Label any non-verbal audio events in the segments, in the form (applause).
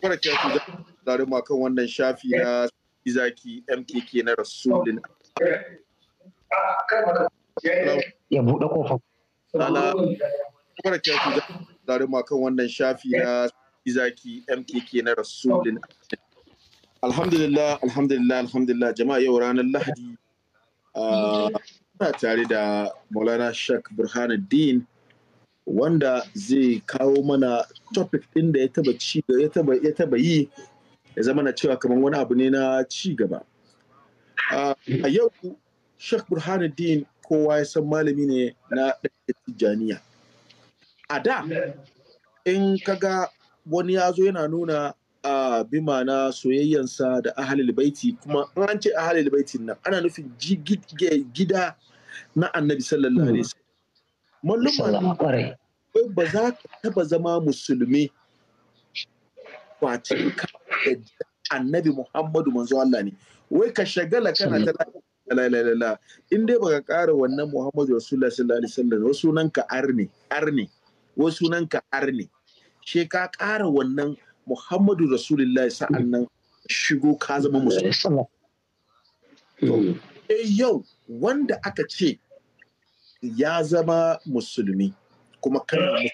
barakatu da kan wannan shafi na MKK na Ya buɗe Lala da kan wannan shafi na MKK na Alhamdulillah, alhamdulillah, alhamdulillah jama'a yau ranar Lahadi. Ah, muna tare da Maulana Sheikh Burhanuddin wanda zai kawo mana topic ɗin da ya taba ci ya taba yi ya zama na cewa kamar wani abu ne na ci gaba a yau Sheikh Burhanuddin kowa ya san malami ne na ɗaya Tijjaniya a da in kaga wani ya zo yana nuna a bima na soyayyansa da ahalil baiti kuma an ce ahalil baiti nan ana nufin gida na annabi sallallahu alaihi wasallam mallum akwai ba za ka taba zama musulmi kwace ka annabi Muhammadu manzo Allah ne wai ka shagala kana ta la in dai baka ƙara wannan Muhammadu Rasulullah sallallahu alaihi wasallam wasu nan ka arne arne wasu nan ka arne she ka ƙara wannan Muhammadu Rasulullah sa'annan shigo ka zama musulmi mm. eh, yau wanda aka ce ya zama musulmi kuma kana eh.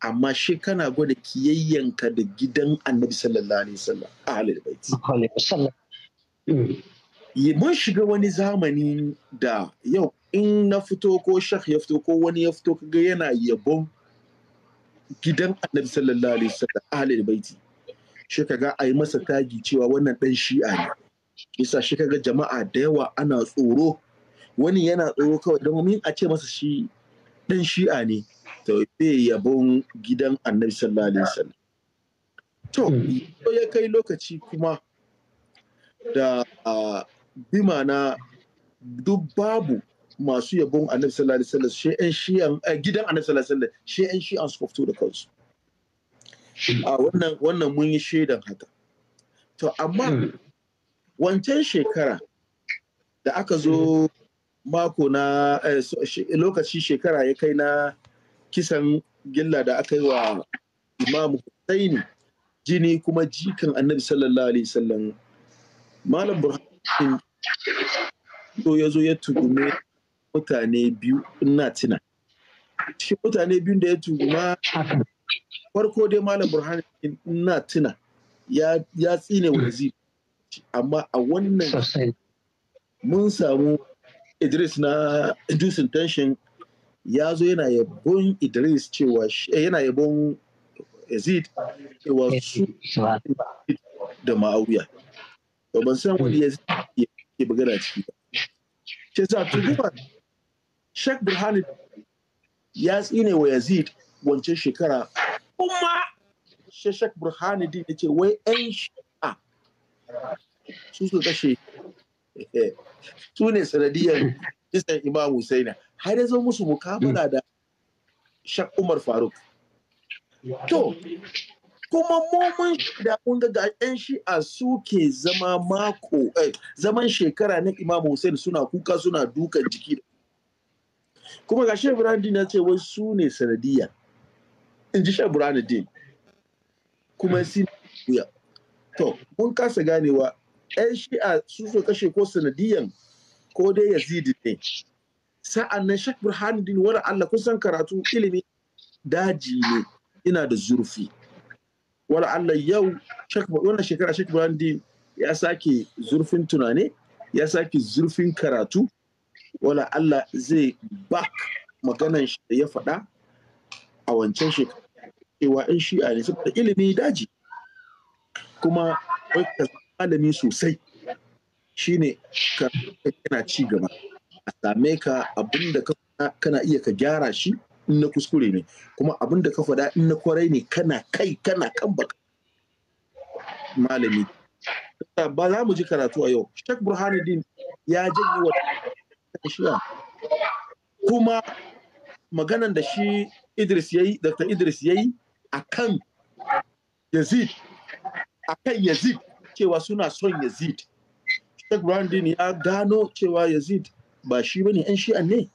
amma shi kana gwada kiyayyanka da gidan annabi sallallahu alaihi wasallam ahlul yi mun shiga wani zamani da yau in na fito ko shak ya fito ko wani ya fito kaga yana yabon gidan annabi sallallahu alaihi wasallam ahlul baiti shi kaga yi masa tagi cewa wannan dan shi'a ne isa shi kaga jama'a da yawa ana tsoro wani yana tsoro kawai don a ce masa shi ɗan shi'a ne to bai yabon gidan annabi sallallahu alaihi wasallam to hmm. ya kai lokaci kuma da bima na duk babu masu yabon annabi sallallahu alaihi wasallam shi ɗan shi'an gidan annabi sallallahu alaihi wasallam shi ɗan shi'an su fito da kansu a wannan wannan mun yi shaidan haka to amma hmm. wancan shekara da aka zo hmm. mako na eh, lokaci shekara ya kai na kisan gilla da aka yi wa imam Husaini jini kuma jikan annabi sallallahu alaihi wasallam malam burhanuddin to ya zo ya tugume mutane biyu ina tuna cikin mutane biyun da ya tuguma farko dai malam burhanuddin ina tuna ya tsine wazi amma a wannan mun samu idris na Induce Intention ya zo yana yabon idris cewa eh, yana yabon yazid cewa su da ma'auya ba ban san wani ya ke magana ciki ba ce za to Sheikh burhani ya tsine wa yazid wancan shekara kuma Sheikh burhani din ya ce wai 'yan shekara su su kashe su ne sanadiyar kisan imam husaina har ya musu mukamala da shak umar faruk to kuma mun da kun ga yan shi'a suke zama mako eh, zaman shekara na imam hussein suna kuka suna dukan jiki kuma ga shek burhanuddin na ce wai su ne sanadiyya in ji shek din. kuma sin to mun kasa ganewa ɗan shi'a su so kashe ko sanadiyan ko dai yazidi ne sa'an nan shek burhanuddin wani allah kusan karatu ilimi daji ne ina da zurfi wani allah yau wannan shekara shek burhanuddin ya sake zurfin tunani ya sake zurfin karatu wala allah zai bak maganan shi da ya faɗa a wancan shekara cewa in shi'a ne saboda ilimi daji kuma malami sosai shine ka yana ci gaba a same ka abin da kana iya ka gyara shi in na kuskure ne kuma abin ka faɗa in na kwarai ne kana kai kana kan baka malami ba za mu ji karatu a yau shek burhanuddin ya janye wa kuma maganan da shi idris yayi dr idris yayi akan yazid akan yazid cewa suna son yazid Sheikh Brandin ya gano cewa yazid ba shi bane yan shi'an ne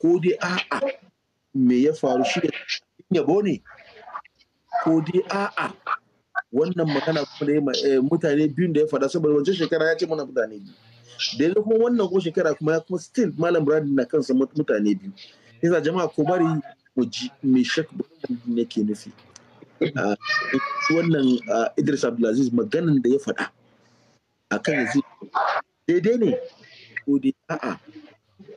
ko dai a'a me ya faru shi yabo ne ko dai a'a wannan magana kuma ne eh, mutane biyun da ya faɗa saboda wancan shekara ya ce mana mutane biyu da yanzu kuma wannan ko shekara kuma ya kuma still malam brandon na kansa mutane biyu yasa jama'a ko bari mu ji me shek ne ke nufi Ah, wannan ah, Idris Abdulaziz maganan da ya faɗa a kan yanzu daidai ne ko dai a'a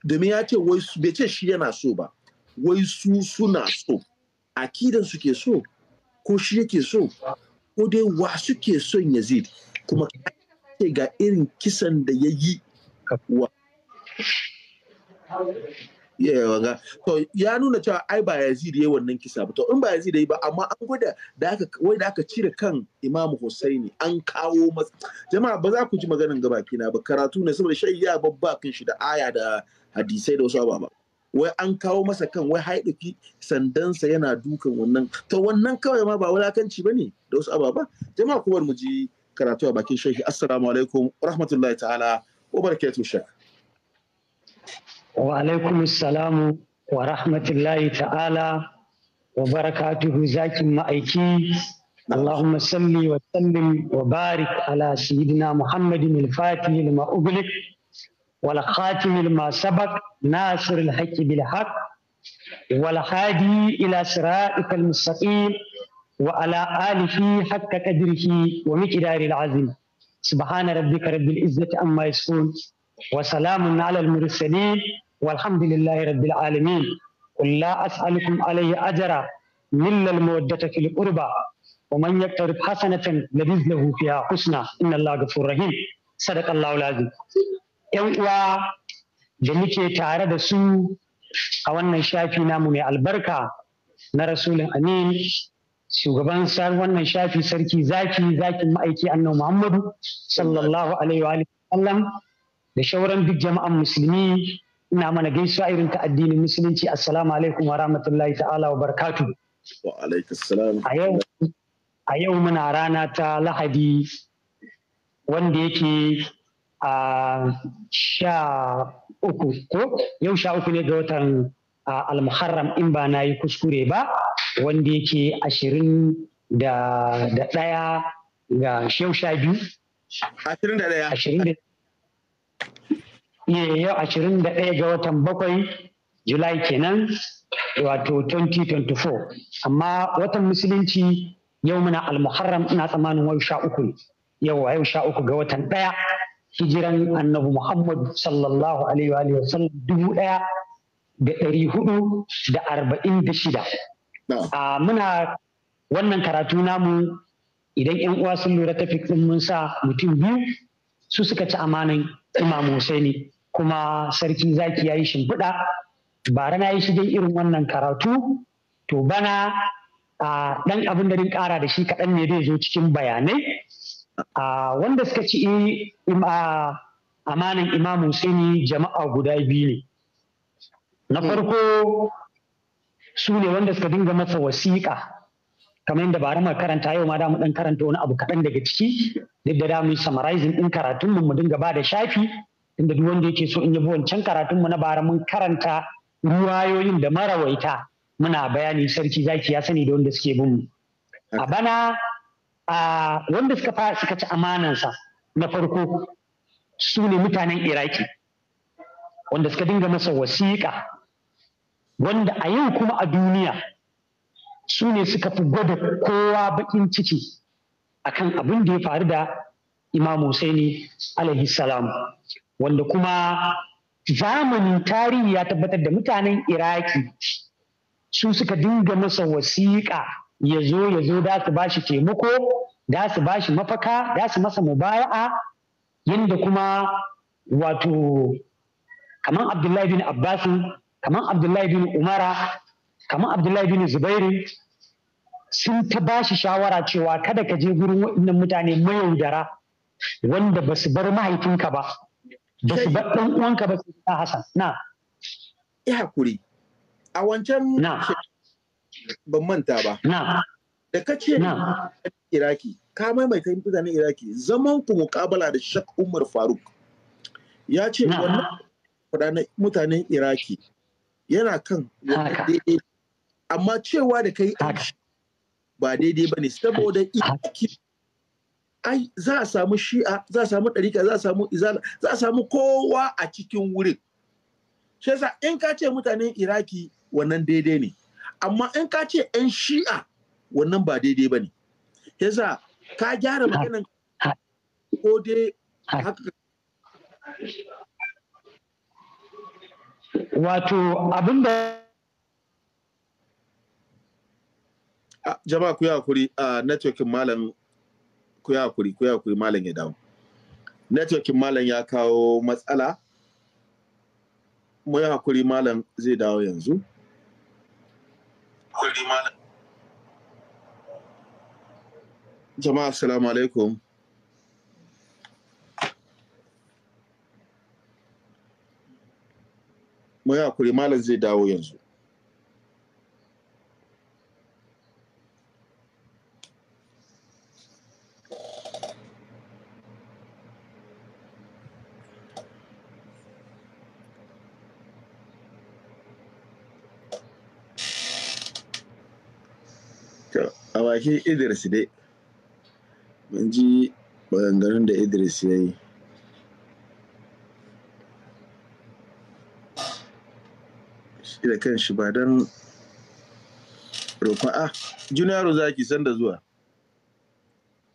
domin ya ce wai bai ce shi yana so ba wai su suna so akidan suke so ko shi yake so ko dai wa suke son Yazid kuma ce ga irin kisan da ya yi wa wanga to ya nuna cewa ai ba yazid yayi wannan kisa ba to in ba yazid yayi ba amma an gwada da aka wai da aka cire kan imam husaini an kawo masa jama'a ba za ku ji maganin ga baki na ba karatu ne saboda shayi ya babba kan shi da aya da hadisai da wasu ba wai an kawo masa kan wai sandan sandansa yana dukan wannan to wannan kawai ma ba wulakanci bane da wasu ababa jama'a kuma mu ji karatu a bakin shehi assalamu alaikum rahmatullahi ta'ala wa barakatuh shek Wa’alaikum salamu wa rahmatullahi ta’ala wa barakatuhu zakin ma’aiki, Allahumma salli wa sallim wa barik ala sayyidina Muhammadin al-Fatih al-Ma’ublik, wal khatim al-Masabak, Nasir bil haq wal ila sira’ik wa ala alihi haqqa kadirhi wa miqdari al-Azim. Subhana rabbika rabbil izzati amma yasifun wa salamun ala al-mursalin. والحمد لله رب العالمين قل لا أسألكم عليه أجرا إلا المودة في القربى ومن يقترب حسنة لبث له فيها حسنى إن الله غفور رحيم صدق الله العظيم yan uwa da muke tare da su a wannan shafi namu mai albarka na rasulun amin shugaban wannan shafi sarki zaki zakin ma'aiki annabi muhammadu sallallahu alaihi wa sallam da shauran duk jama'an musulmi ina mana gaisuwa irin ka addinin musulunci assalamu alaikum wa rahmatullahi ta'ala wa barakatu a yau muna rana ta lahadi wanda yake a sha uku ko yau sha uku ne ga watan almuharram in ba na yi kuskure ba wanda yake ashirin da ɗaya ga yau sha biyu ashirin da ɗaya yau ashirin da ga watan bakwai Julai kenan wato 2024 amma watan musulunci yau muna almuharram ina tsammanin wayo sha uku yau wayo sha uku ga watan ɗaya hijiran annabi Muhammad sallallahu alaihi wa alihi wasallam dubu ɗaya da ɗari hudu da arba'in da shida. A muna wannan karatu namu idan 'yan uwa sun lura tafi mun sa mutum biyu su suka ci amanan imamu Husaini kuma sarki zaki ya yi shimfiɗa bara na yi shi dai irin wannan karatu to bana a ɗan abin da ƙara da shi kaɗan ne zai zo cikin bayanai wanda suka ci eh, amanan imamun sini jama'a guda biyu ne na hmm. farko su ne wanda suka dinga masa wasiƙa kamar yadda bara mu karanta yau ma da mu dan karanta wani abu kaɗan daga ciki duk da da mu summarizing ɗin karatun mu mu dinga ba da shafi inda duk wanda yake so in yabi wancan karatun mu na bara mun karanta ruwayoyin da marawaita muna bayani sarki zaki ya sani da wanda suke bin mu a bana a wanda suka fara suka ci amanansa na farko su ne mutanen iraki wanda suka dinga masa wasiƙa wanda a yau kuma a duniya su ne suka fi gwada kowa baƙin ciki akan abin da ya faru da imam Husaini alaihi salam wanda kuma zamanin tarihi ya tabbatar da mutanen iraki su suka dinga masa wasiƙa ya zo ya zo da su bashi taimako da su bashi mafaka da su masa mubaya'a yadda kuma wato kamar abdullahi bin abbasin kamar abdullahi bin umara kamar abdullahi bin zubairu sun ta bashi shawara cewa kada ka je gurin waɗannan mutane mayaudara wanda ba su bar mahaifinka ba ba su bar uwanka ba sai na Hassan na ya hakuri a wancan ban manta ba na da kace na Iraki ka maimaita mutanen Iraki zaman ku mukabala da Shak Umar Faruk ya ce wannan mutanen Iraki yana kan daidai amma cewa da kai ba daidai ba ne saboda Iraki ai za a samu shi'a za a samu ɗarika za a samu izala za a samu kowa a cikin wurin shi yasa in ka ce mutanen iraki wannan daidai ne amma in ka ce 'yan shi'a wannan ba daidai ba ne yasa ka gyara maganin ko dai haka wato abin da ah, jama'a ku yi hakuri a ah, networking malam ku ya hakuri ku ya malam ya dawo networkin malam ya kawo matsala mu ya hakuri malam zai dawo yanzu hakuri malam jama'a assalamu alaikum mu ya hakuri malam zai dawo yanzu a bakin Idris dai mun ji maganganun da Idris ya yi shi da kan shi ba don roƙon a ah, juniyar zaki sanda zuwa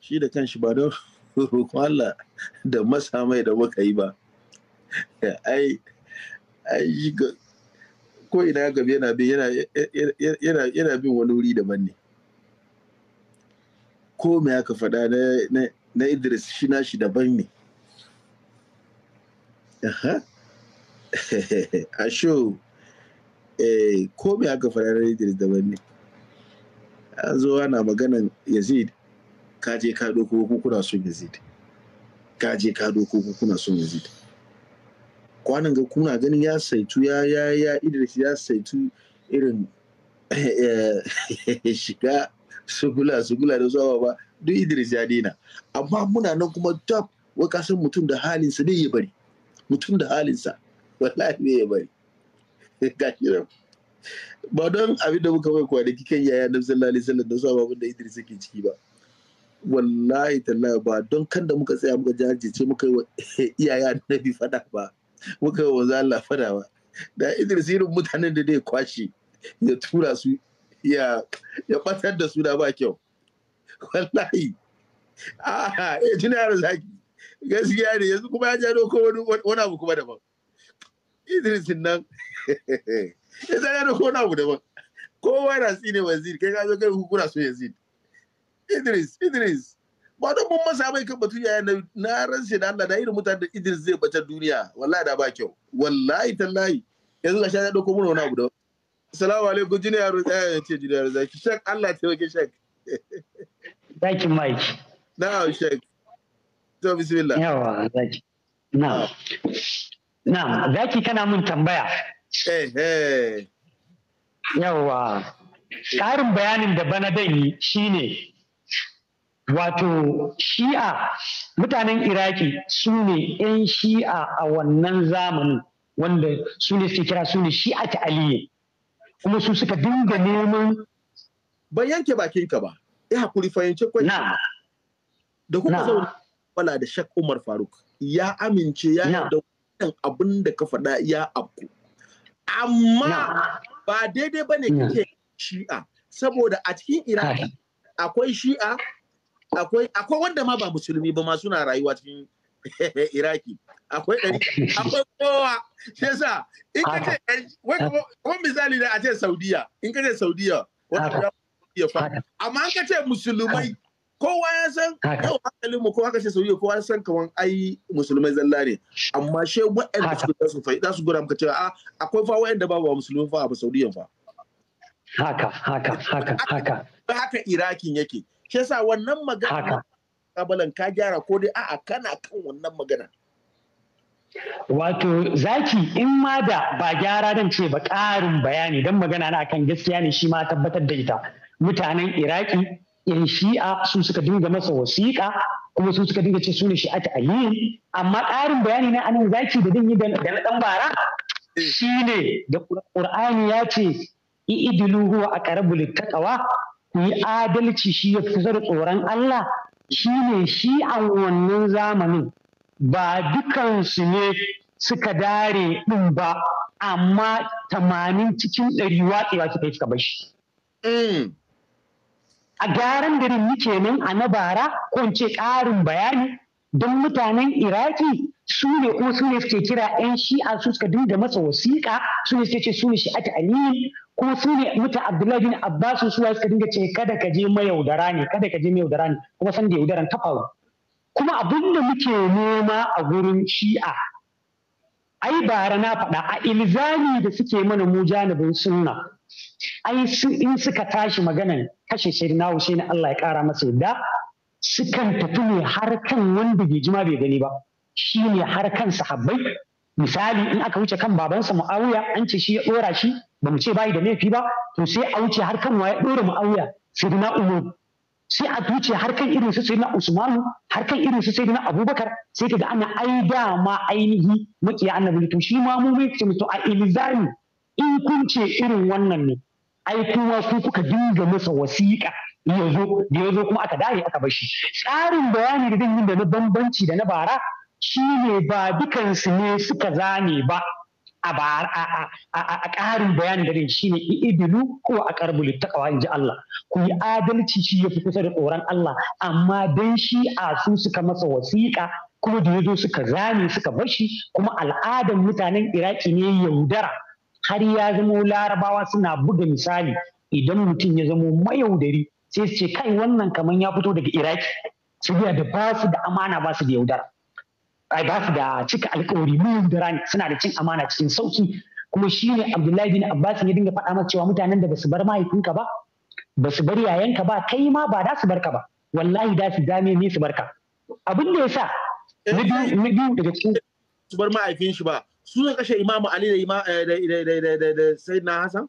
shi da kan shi ba don roƙon Allah da masa mai da muka yi ba ai ai ko ina gabi yana bin yana bin wani wuri daban ne komai aka faɗa na idris shi nashi daban ne a sho, komai aka faɗa na idris daban ne an zo ana maganan yazid ka je ka doko ko kuna son yazid ka je ka doko ko kuna son yazid kwanan ga kuna ganin ya saitu ya ya ya idris ya saitu irin (laughs) eh, shiga sugula sugula da zuwa ba duk idris ya daina amma muna nan kuma tab wa kasan mutum da halinsa dai ya bari mutum da halinsa wallahi ne ya bari (laughs) gashi ba don abin da muka bai da kikan yaya na sallallahu alaihi da zuwa babun da idris yake ciki ba wallahi tallahi ba don kan da muka tsaya muka jajirce muka yi wa (laughs) iyaye annabi fada ba muka yi wa zalla fada ba da idris irin mutanen da dai kwashe ya tura su ya ya batar da su da ba kyau wallahi a ah, eh jina zaki gaskiya ne yanzu kuma ya ja ko wani abu kuma daban idris nan (laughs) ya ya ko wani abu daban kowa na ne wanzir kai ka zo kai hukuna so yazid idris idris ba don mun masa mai kan batu yaya na shi da Allah da irin mutane da idris zai bata duniya wallahi da ba kyau wallahi tallahi yanzu ga shi ya doko mun wani abu daban Salamu alaikum jini ya rutsa eh, ya ce jini ya zaki. Shek Allah taimake shek. Zaki Mike. Na'am shek. To bismillah. Yawa zaki. Na'am. Na'am zaki kana mun tambaya. Eh eh. Yawa. Ƙarin bayanin da bana dan yi shine wato shi'a mutanen iraki su ne 'yan shi'a a wannan zamanin wanda su ne suke kira su ne shi'a ta aliyu kuma su suka dinga neman ban yanke bakin ka ba ya hakuri fahimci na da kuma zaune bala da shak umar faruk ya amince ya da wannan abin da ka faɗa ya abku amma ba daidai ba ne kake shi'a saboda a cikin iraki akwai shi'a akwai wanda ma ba musulmi ba ma suna rayuwa cikin (laughs) iraki akwai ɗari akwai kowa shi yasa in ka ce kuma misali da a ce saudiya in ka ce saudiya wata amma an ka ce musulmai kowa ya san yau hankalin mu kowa ka ce saudiya kowa ya san kaman ai musulmai zalla ne amma shi wa'anda su da su fa za su gura muka cewa a ah, akwai fa wa'anda ba ba musulmai fa ba saudiya fa haka haka haka haka haka irakin yake shi yasa wannan magana kabalan ka gyara ko dai a'a kana kan wannan magana Wato zaki in ma da ba gyara dan ce ba ƙarin bayani don magana na akan gaskiya ne shi ma tabbatar da ita. Mutanen Iraki yan shi'a su suka dinga masa wasiƙa kuma su suka dinga ce su ne shi'a ta ayi amma ƙarin bayani na anan zaki da zan yi da na ɗan bara shi ne da ƙur'ani ya ce i'dilu huwa aqrabu littaqwa ku yi adalci shi ya fi tsoron Allah shi ne shi wannan zamanin ba dukansu ne suka dare ɗin ba amma tamanin cikin ɗari watsewa kika yi suka bashi. Mm. A gyaran garin muke nan a na bara ko ce ƙarin bayani don mutanen Iraki su ne kuma su ne suke kira 'yan shi'a su suka dinga masa wasiƙa su ne suke ce su ne ake aliyu kuma su ne muta Abdullahi bin Abbas su suka dinga ce kada ka je mayaudara ne kada ka je mayaudara ne kuma san da yaudaran ta faru. kuma abin da muke nema a gurin shi'a ai bara na faɗa a ilzami da suke mana mu janibin sunna ai in suka tashi maganan kashe shi na wuce na Allah ya ƙara masa yadda sukan tafi ne har kan wanda bai jima bai gani ba shi ne har kan sahabbai misali in aka wuce kan babansa mu'awiya an ce shi ya ɗora shi ba mu ce bayi da laifi ba to sai a wuce har kan ya ɗora mu'awiya sai na umar sai a tuce har kan irin su sayyidina Usman har kan irin su sayyidina Abubakar sai kaga ana ai ma ainihi makiya annabi to shi ma mu mai to a ilzami in kun ce irin wannan ne ai kuma su kuka dinga masa wasiƙa ya zo da ya kuma aka dare aka bashi tsarin bayani da zan yi da na bambanci da na bara shi ne ba dukansu ne suka zane ba a ƙarin bayanin da shi ne ibilu ko a ƙarbu littakawa in ji Allah ku yi adalci shi ya fi kusa da tsoron Allah amma dan shi a su suka masa wasiƙa kuma da ya zo suka zame suka bashi kuma al'adar mutanen iraki ne yaudara har ya zamo larabawa suna buga misali idan mutum ya zamo mayaudari sai su ce kai wannan kamar ya fito daga iraki saboda da ba su da amana ba su da yaudara ai ba su da cika alkawari mu da rani suna da cin amana cikin sauki kuma shi ne Abdullahi bin Abbas ya dinga faɗa masa cewa mutanen da basu bar mahaifinka ba basu bar yayanka ba kai ma ba da su barka ba wallahi da su dame ne su barka abin da yasa eh, na biyu daga cikin su bar mahaifin shi ba su ne kashe Imam Ali eh, da da Sayyidina Hassan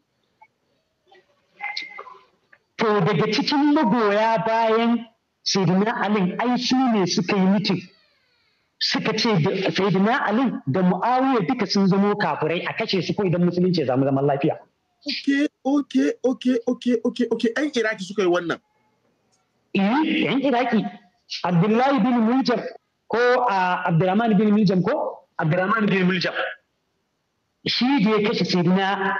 to daga cikin magoya bayan Sayyidina Ali ai su ne suka yi mutum. suka ce sayyidina Ali da Muawiya duka sun zamo kafirai a kashe su ko idan musulunci ya zama zaman lafiya. Oke, oke, oke, oke, oke, oke, ‘yan Iraki suka yi wannan. Eh, ‘yan Iraki, Abdullahi bin Muljam ko Abdurrahman bin Muljam ko Abdurrahman bin Muljam. Shi da ya kashe saidina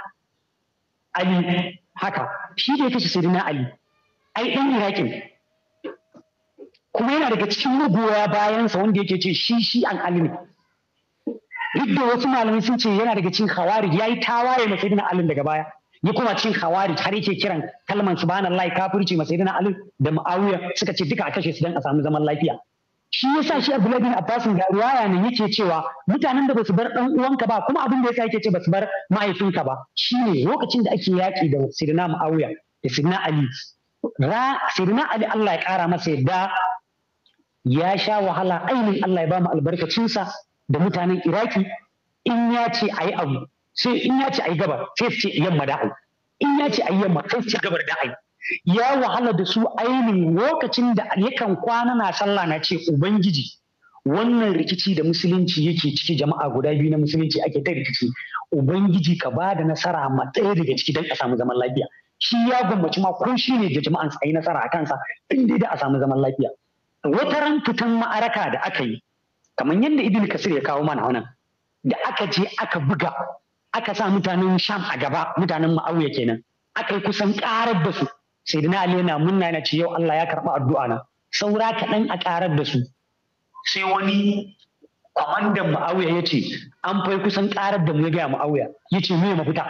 Ali haka, shi da ya kashe saidina Ali. Ai, ɗan Irakin, kuma yana daga cikin magoya bayansa wanda yake ce shi shi an alimi. duk da wasu malamai sun ce yana daga cikin hawari ya yi tawaye masu idina alin daga baya ya kuma cin hawari har yake kiran kalman subhanallahi kafirci masu idina alin da ma'awiya suka ce duka a kashe su dan a samu zaman lafiya shi yasa shi Abdullahi bin Abbas da riwaya ne yake cewa mutanen da basu bar dan uwanka ba kuma abin da yasa yake ce basu bar mahaifinka ba Shi ne lokacin da ake yaki da Sirina Muawiya da Sirina Ali ra Sirina Ali Allah ya kara masa yadda ya sha wahala ainihin Allah ya ba mu albarkacinsa da mutanen Iraki in ya ce a yi abu sai in ya ce a yi gabar sai ce yamma da in ya ce a yi yamma sai ce gabar da ya wahala da su ainihin lokacin da yakan kwana na sallah na ce ubangiji wannan rikici da musulunci yake ciki jama'a guda biyu na musulunci ake ta rikici ubangiji ka ba da nasara ma ɗaya daga ciki don a samu zaman lafiya shi ya gwammaci ma ko shi ne da jama'an a yi nasara a kansa inda dai da a samu zaman lafiya wataran fitan ma'araka da aka yi kamar yadda ibn kasir ya kawo mana wannan da aka je aka buga aka sa mutanen sham a gaba mutanen ma'auya kenan aka yi kusan karar da su sai dina ali yana munna yana ce yau Allah ya karɓi addu'a na saura kaɗan a karar da su sai wani kwamandan ma'auya ya ce an fai kusan karar da mu ya gaya ma'auya ya ce me mafita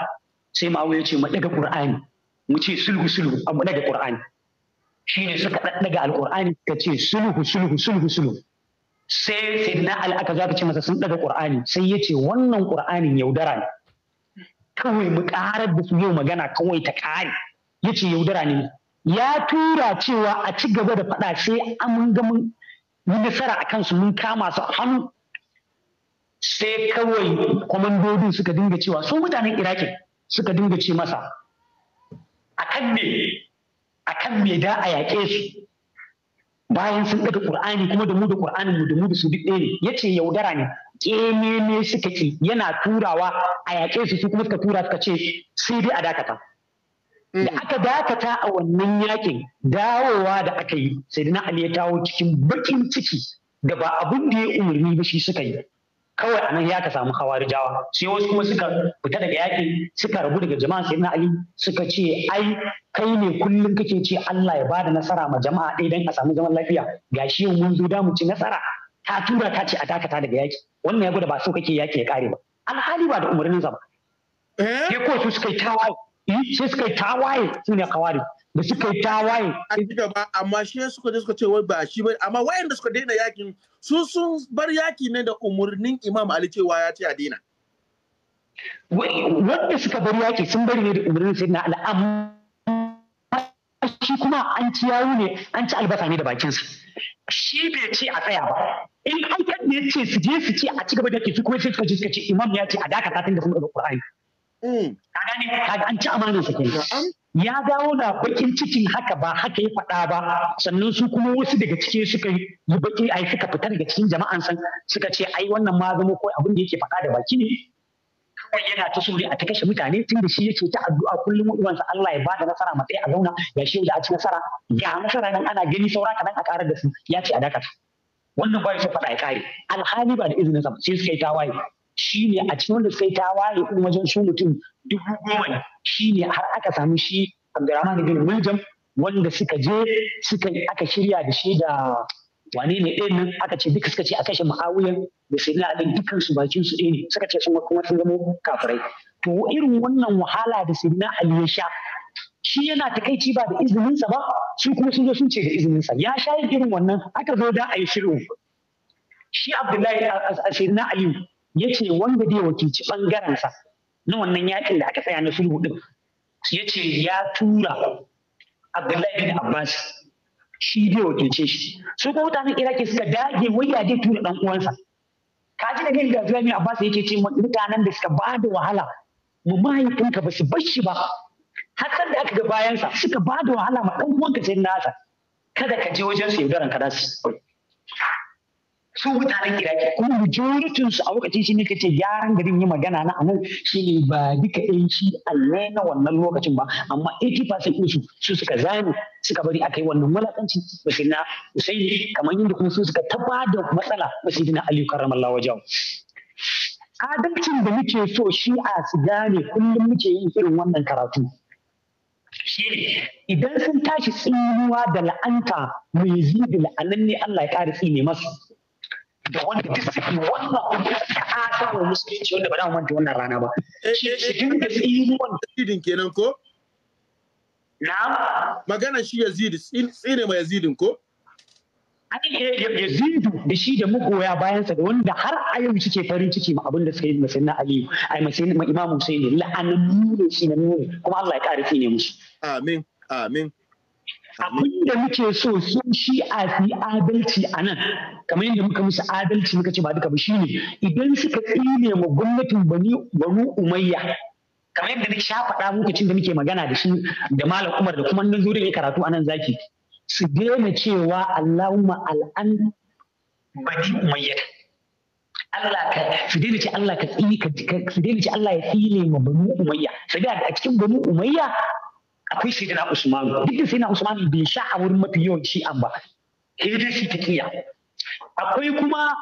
sai ma'auya ya ce mu daga qur'ani mu ce sulhu sulhu a mu daga qur'ani shine suka daddaga alqur'ani suka ce sulhu sulhu sulhu sulhu sai sayyidina al'aka aka zaka ce masa sun ɗaga qur'ani sai ya ce wannan qur'anin yaudara ne kawai mu karar da su yau magana kawai ta kare ya ce yaudara ne ya tura cewa a ci gaba da faɗa sai mun ga mun nasara a kansu mun kama su hannu sai kawai kwamandodin suka dinga cewa su mutanen iraki suka dinga ce masa a kan ne a kan me da a yaƙe su bayan sun ɗaga ƙur'ani kuma da mu da ƙur'ani mu da mu da su duk ɗaya ya ce yaudara ne ne suka ƙi yana turawa a yaƙe su su kuma suka tura suka ce sai dai a dakata da hmm. aka dakata a wannan yakin dawowa da aka yi sai na ali ya dawo cikin baƙin ciki da ba abun da ya umarni ba shi suka yi kawai anan ya ka samu hawarijawa sai wasu kuma suka fita daga yaƙi suka rabu daga jama'a sai na ali suka ce ai kai ne kullum kake ce Allah ya bada nasara ma jama'a ɗaya dan a samu zaman lafiya gashi yau mun zo da mu ci nasara ta tura ta ce a dakata daga yaƙi wannan ya gwada ba so kake yaƙi ya kare ba alhali ba da umarninsa ba eh? sai ko su suka yi tawaye sai suka yi tawaye su ne kawari da suka yi tawaye. An ci gaba amma shi suka je suka ce wai ba shi ba amma da suka daina yakin su sun bar yaki ne da umarnin Imam Ali cewa ya ce a daina. Wanda suka bar yaki sun bar ne da umarnin sai na amma shi kuma an ci yawo ne an ci albasa ne da bakinsa. Shi bai ce a tsaya ba. In an ne ya ce su je su ce a ci gaba da ke su kuma sai suka je suka ce Imam ya ce a dakata tun da sun ɗaga Qur'ani. Mm. an ci amana su kai ya dawo na bakin cikin haka ba haka ya faɗa ba sannan su kuma wasu daga ciki suka yi baki ai suka fita daga cikin jama'an san suka ce ai wannan ma zama ko abin da yake faɗa da baki ne kawai yana ta suri a ta kashe mutane tun da shi ya ce ta addu'a kullum uwansa Allah ya ba da nasara matsayi a zauna ya shi da a ci nasara ga nasara nan ana gani saura kaɗan a ƙara da su ya ce a dakata wannan ba ya faɗa ya kare alhali ba da izinin sa sai suka yi tawaye shi ne a cikin wanda suka yi waye kuma wajen su mutum dubu goma ne shi ne har aka samu shi Abdurrahman bin Muljam wanda suka je suka aka shirya da shi da Wani ne ɗaya nan aka ce duka suka ce a kashe ma'awuyan da sai na alin dukkan su bakin su ɗaya suka ce sun kuma sun zama kafirai to irin wannan wahala da sai na ali ya sha shi yana takaici ba da izininsa ba su kuma sun zo sun ce da izininsa ya sha irin wannan aka zo da a yi shirin shi abdullahi a sai na ya ce wanda zai wakilci ɓangarensa na wannan yakin da aka tsaya na sulhu ɗin ya ce ya tura Abdullahi bin Abbas shi zai wakilce shi su ko mutanen Iraki suka dage waya zai tura ɗan uwansa ka ji da gani da Abdullahi bin Abbas yake ce mutanen da suka ba da wahala mu mahaifinka ba su bar shi ba hakan da aka ga bayansa suka ba da wahala ma ɗan uwanka sai nasa kada ka je wajen su yaudaran ka su su mutanen iraki kuma majoritin su a lokacin shi ne kace yaran garin yi magana na anan shi ne ba duka yan shi alle na wannan lokacin ba amma 80% su su suka zani suka bari akai wannan mulakanci ba na Usaini kamar yadda kuma su suka taba da matsala ba sai na Aliyu karramallahu wajahu adalcin da muke so shi a su gane kullum muke yin irin wannan karatu idan sun tashi tsinuwa da la'anta mai zibi la'anan ne Allah ya ƙara tsine masu da wanda duk suke wannan kuma ta wa musulunci wanda ba za mu manta wannan rana ba shigin da tsinuwan yazidin kenan ko na magana shi yazidi tsine ma yazidin ko eh, yazidu da shi da magoya bayansa da wanda har a yau suke farin ciki ma abin da suka yi masayin na aliyu a masayin ma imamu sai ne la'anin nune shi na nune kuma allah ya ƙarfi ne musu amin amin abin da muke so su shi a fi adalci a nan kamar yadda muka musu adalci muka ce ba duka ba shine idan suka tsine ma gwamnatin bani wani umayya kamar yadda na sha faɗa lokacin da muke magana da shi da malam umar da kuma nan zo da karatu a nan zaki su daina cewa allahumma al'an bani umayya Allah ka su daina ce Allah ka tsini ka su daina ce Allah ya tsine ma bani umayya saboda a cikin bani umayya akwai sayyidina usman duk da sayyidina usman bai sha a wurin mafi yawan shi'an ba hidin shi ta kiya akwai kuma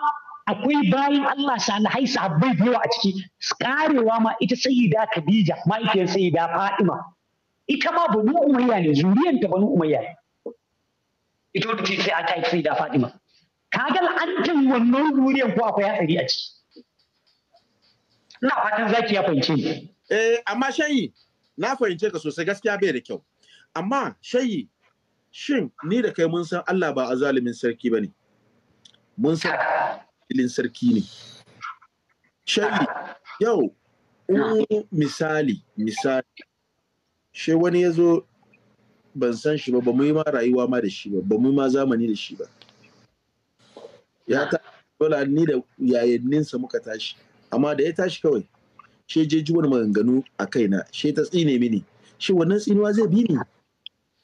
akwai bayan Allah salihai sahabbai da yawa a ciki karewa ma ita sayyida Khadija ita sayyida Fatima ita ma banu umayya ne ta banu umayya ita wata ce sai aka yi sayyida Fatima kaga la'antan wannan zuriyar ko akwai hatsari a ciki ina fatan zaki ya fahimce ni eh amma shayi na fahimce ka sosai gaskiya bai da kyau amma shayi shin ni da kai mun san Allah ba azalimin sarki bane mun san ilin sarki ne shayi yau (laughs) misali misali shi wani ya zo ban san shi ba ba mu yi ma rayuwa ma da shi ba ba mu yi ma zamani da shi ba ya ta dole ni da yayanninsa muka tashi amma da ya tashi kawai she je ji wani maganganu a kaina she ta tsine mini shi wannan tsinuwa zai bi ni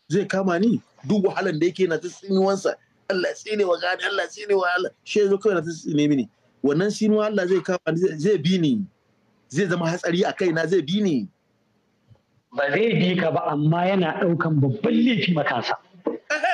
zai kama ni duk wahalan da yake na ta tsinuwansa Allah tsine wa gani Allah tsine wa Allah shi zo kawai na ta tsine mini wannan tsinuwa Allah zai kama ni zai bi ni zai zama hatsari a kaina zai bi ni ba zai bi ka ba amma yana ɗaukan babban laifi makansa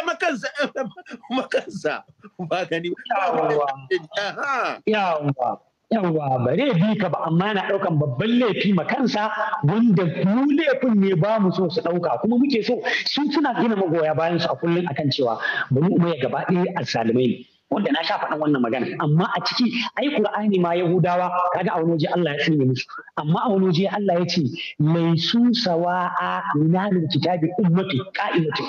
makansa (laughs) makansa ba gani yawa yawa yawa bare bi ka ba amma yana ɗaukan babban laifi ma kansa wanda mu laifin ne ba mu so su ɗauka kuma muke so sun suna gina magoya bayan su a kullum akan cewa mu umayya gaba ɗaya salimai ne wanda na sha faɗan wannan magana amma a ciki ai qur'ani ma yahudawa kaga a wani waje Allah ya sanya musu amma a wani waje Allah ya ce mai su sawa'a minalul kitabi ummatu qa'imatu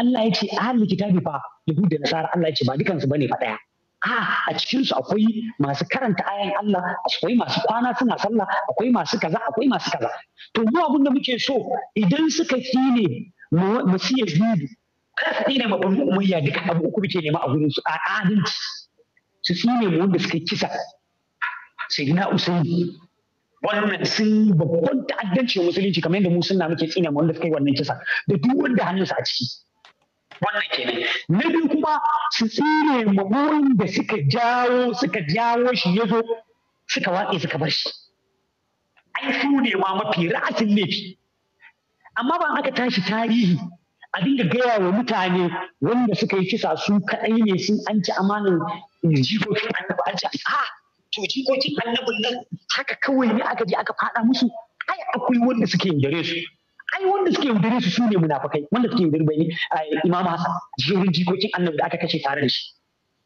Allah ya ce ahlul kitabi fa yahudi da nasara Allah ya ce ba dukansu bane fa daya a a cikin su akwai masu karanta ayan Allah akwai masu kwana suna sallah akwai masu kaza akwai masu kaza to mu abin da muke so idan suka ne mu siya zubi kada su ne ma umayya duka abu uku muke nema a gurin su a adalci su tsine mu wanda suka kisa sayyidina usaini wannan sun babban ta'addanci musulunci kamar yadda mu sunna muke tsina mu wanda suka yi wannan kisa da duk wanda hannunsa a ciki wannan kenan na biyu kuma su tsire mu wurin da suka jawo suka jawo shi ya zo suka watsa suka bar shi ai su ne ma mafi ra'asin laifi amma ban aka tashi tarihi a dinga gaya wa mutane wanda suka yi kisa su kaɗai ne sun an ci amanin jikokin annabi an ci a to jikokin annabin nan haka kawai ne aka je aka faɗa musu ai akwai wanda suke gare su ai wanda suke yaudare su shine munafakai wanda suke yaudare bai Imam Hassan jerin jikokin Annabi da aka kashe tare da shi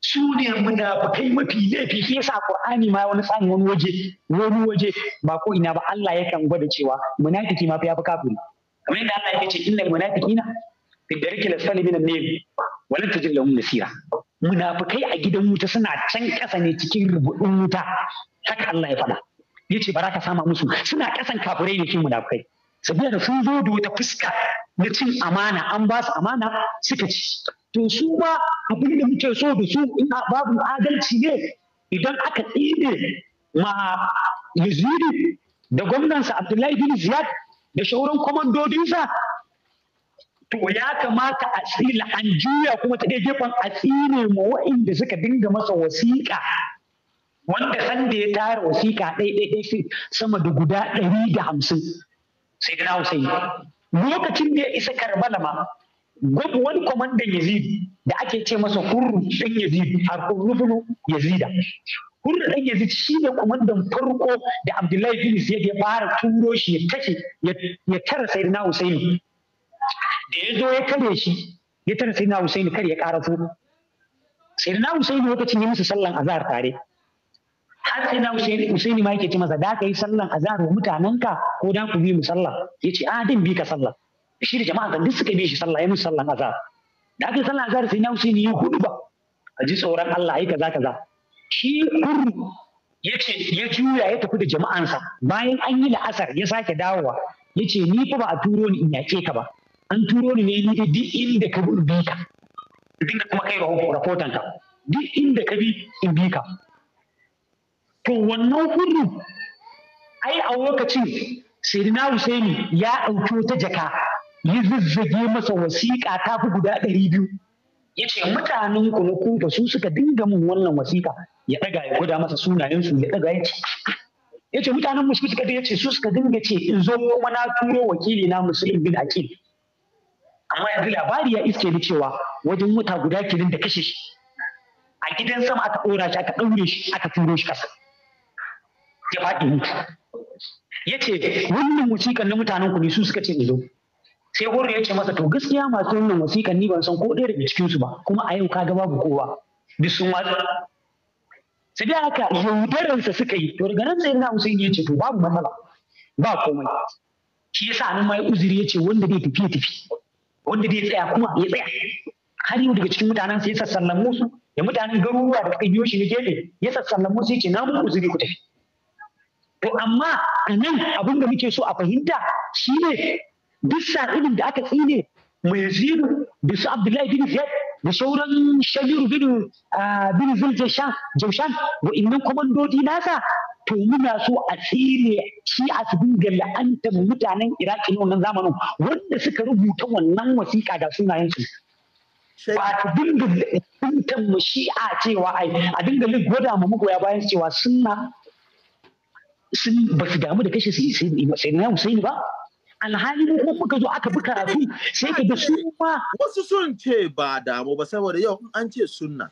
su ne munafikai mafi laifi shi yasa Qur'ani ma wani tsan wani waje wani waje ba ko ina ba Allah yakan gwada cewa munafiki ma fa yafi kafiri kamar yadda Allah yake ce innal munafiqina fi darki al-asfali min an-nar wa lan tajid lahum nasira munafikai a gidan wuta suna can ƙasa ne cikin rubutun wuta haka Allah ya faɗa yace ba za ka sama musu suna ƙasan kafirai ne cikin munafakai. da sun zo da wata fuska na cin amana an ba su amana suka ci to su ba abin da muke so da su in babu adalci ne idan aka ɗibe ma yazidi da gwamnansa abdullahi bin ziyad da shauran kwamandodinsa to ya kamata a tsila an juya kuma ta gefen a tsine ma wa'inda suka dinga masa wasiƙa wanda sanda ya tara wasiƙa ɗaiɗaiɗai sama da guda ɗari da hamsin sai da Hussein lokacin da ya isa Karbala ma wani kwamandan Yazid da ake ce masa hurru ɗan Yazid har hurru Yazida hurru ɗan Yazid shi ne kwamandan farko da Abdullahi bin Ziyad ya fara turo shi ya kashe ya tara Sayyidina Hussein da ya zo ya kare shi ya tara Sayyidina Hussein kar ya ƙara furu Sayyidina Hussein lokacin ya musu sallan azhar tare har sai na Usaini ma yake ce masa da ka yi sallan azhar wa ka? ko da ku bi mu sallah ce a ah, din bi ka sallah shi da jama'a duk suka bi shi sallah ya musu sallan azhar da ka yi sallan azhar sai na Usaini ya hudu ba a ji tsoron Allah ai kaza kaza shi kurru ce ya juya ya tafi da jama'ansa bayan an yi la'asar ya sake dawowa Ya ce ni fa ba a turo ni in yaƙe ka ba an turo ni ne ni duk inda ka bi ka dinga kuma kai rahoton ka duk inda ka bi in bi ka to wannan hudu, ai a lokacin na Husaini ya ɗauki wata jaka ya zazzage masa wasiƙa ta fi guda ɗari biyu ya ce mutanen ku na kufa su suka dinga min wannan wasiƙa ya ɗaga ya gwada masa sunayensu ya ɗaga ya ce ya ce mutanen musu suka dinga ce su suka dinga ce in zo kuma na turo wakili na musulun bin akil amma yanzu labari ya iske ni cewa wajen wata guda kenan da kashe shi a gidan sama aka ɗora shi aka ɗaure shi aka turo shi ƙasa ya faɗi mutu ya ce wannan wasiƙan na mutanen ku ne su suka ce in zo sai horo ya ce masa to gaskiya masu wannan wasiƙan ni ban san ko ɗaya daga cikinsu ba kuma a yau ga babu kowa duk sun watsa Sai dai haka yaudararsa suka yi to daga nan sai na musu ya ce to babu matsala ba komai shi yasa nan ma ya uzuri ya ce wanda zai tafi ya tafi wanda zai tsaya kuma ya tsaya har yau daga cikin mutanen sai sassan su da mutanen garuruwa da suka biyo shi ne gefe ya sassan su ya ce na muku uzuri ku tafi To amma a nan abin da muke so a fahimta shine duk sa'ilin da aka tsine mai yazidu da su Abdullahi bin Ziyad da sauran Shaliru bin bin Zuljaushan Jaushan wa'annan komandodi nasa to muna so a tsine shi a su dinga la'antar mutanen Iraki na wannan zamanin wanda suka rubuta wannan wasiƙa da sunayensu. Ba ta dinga la'antar mu a cewa ai a dinga gwada mu magoya bayan cewa suna sun ba su damu da kashe sai na Hussein ba alhali ko kuka zo aka bi karatu sai ka da su ma wasu sun ce ba damu ba saboda yau in an ce sunna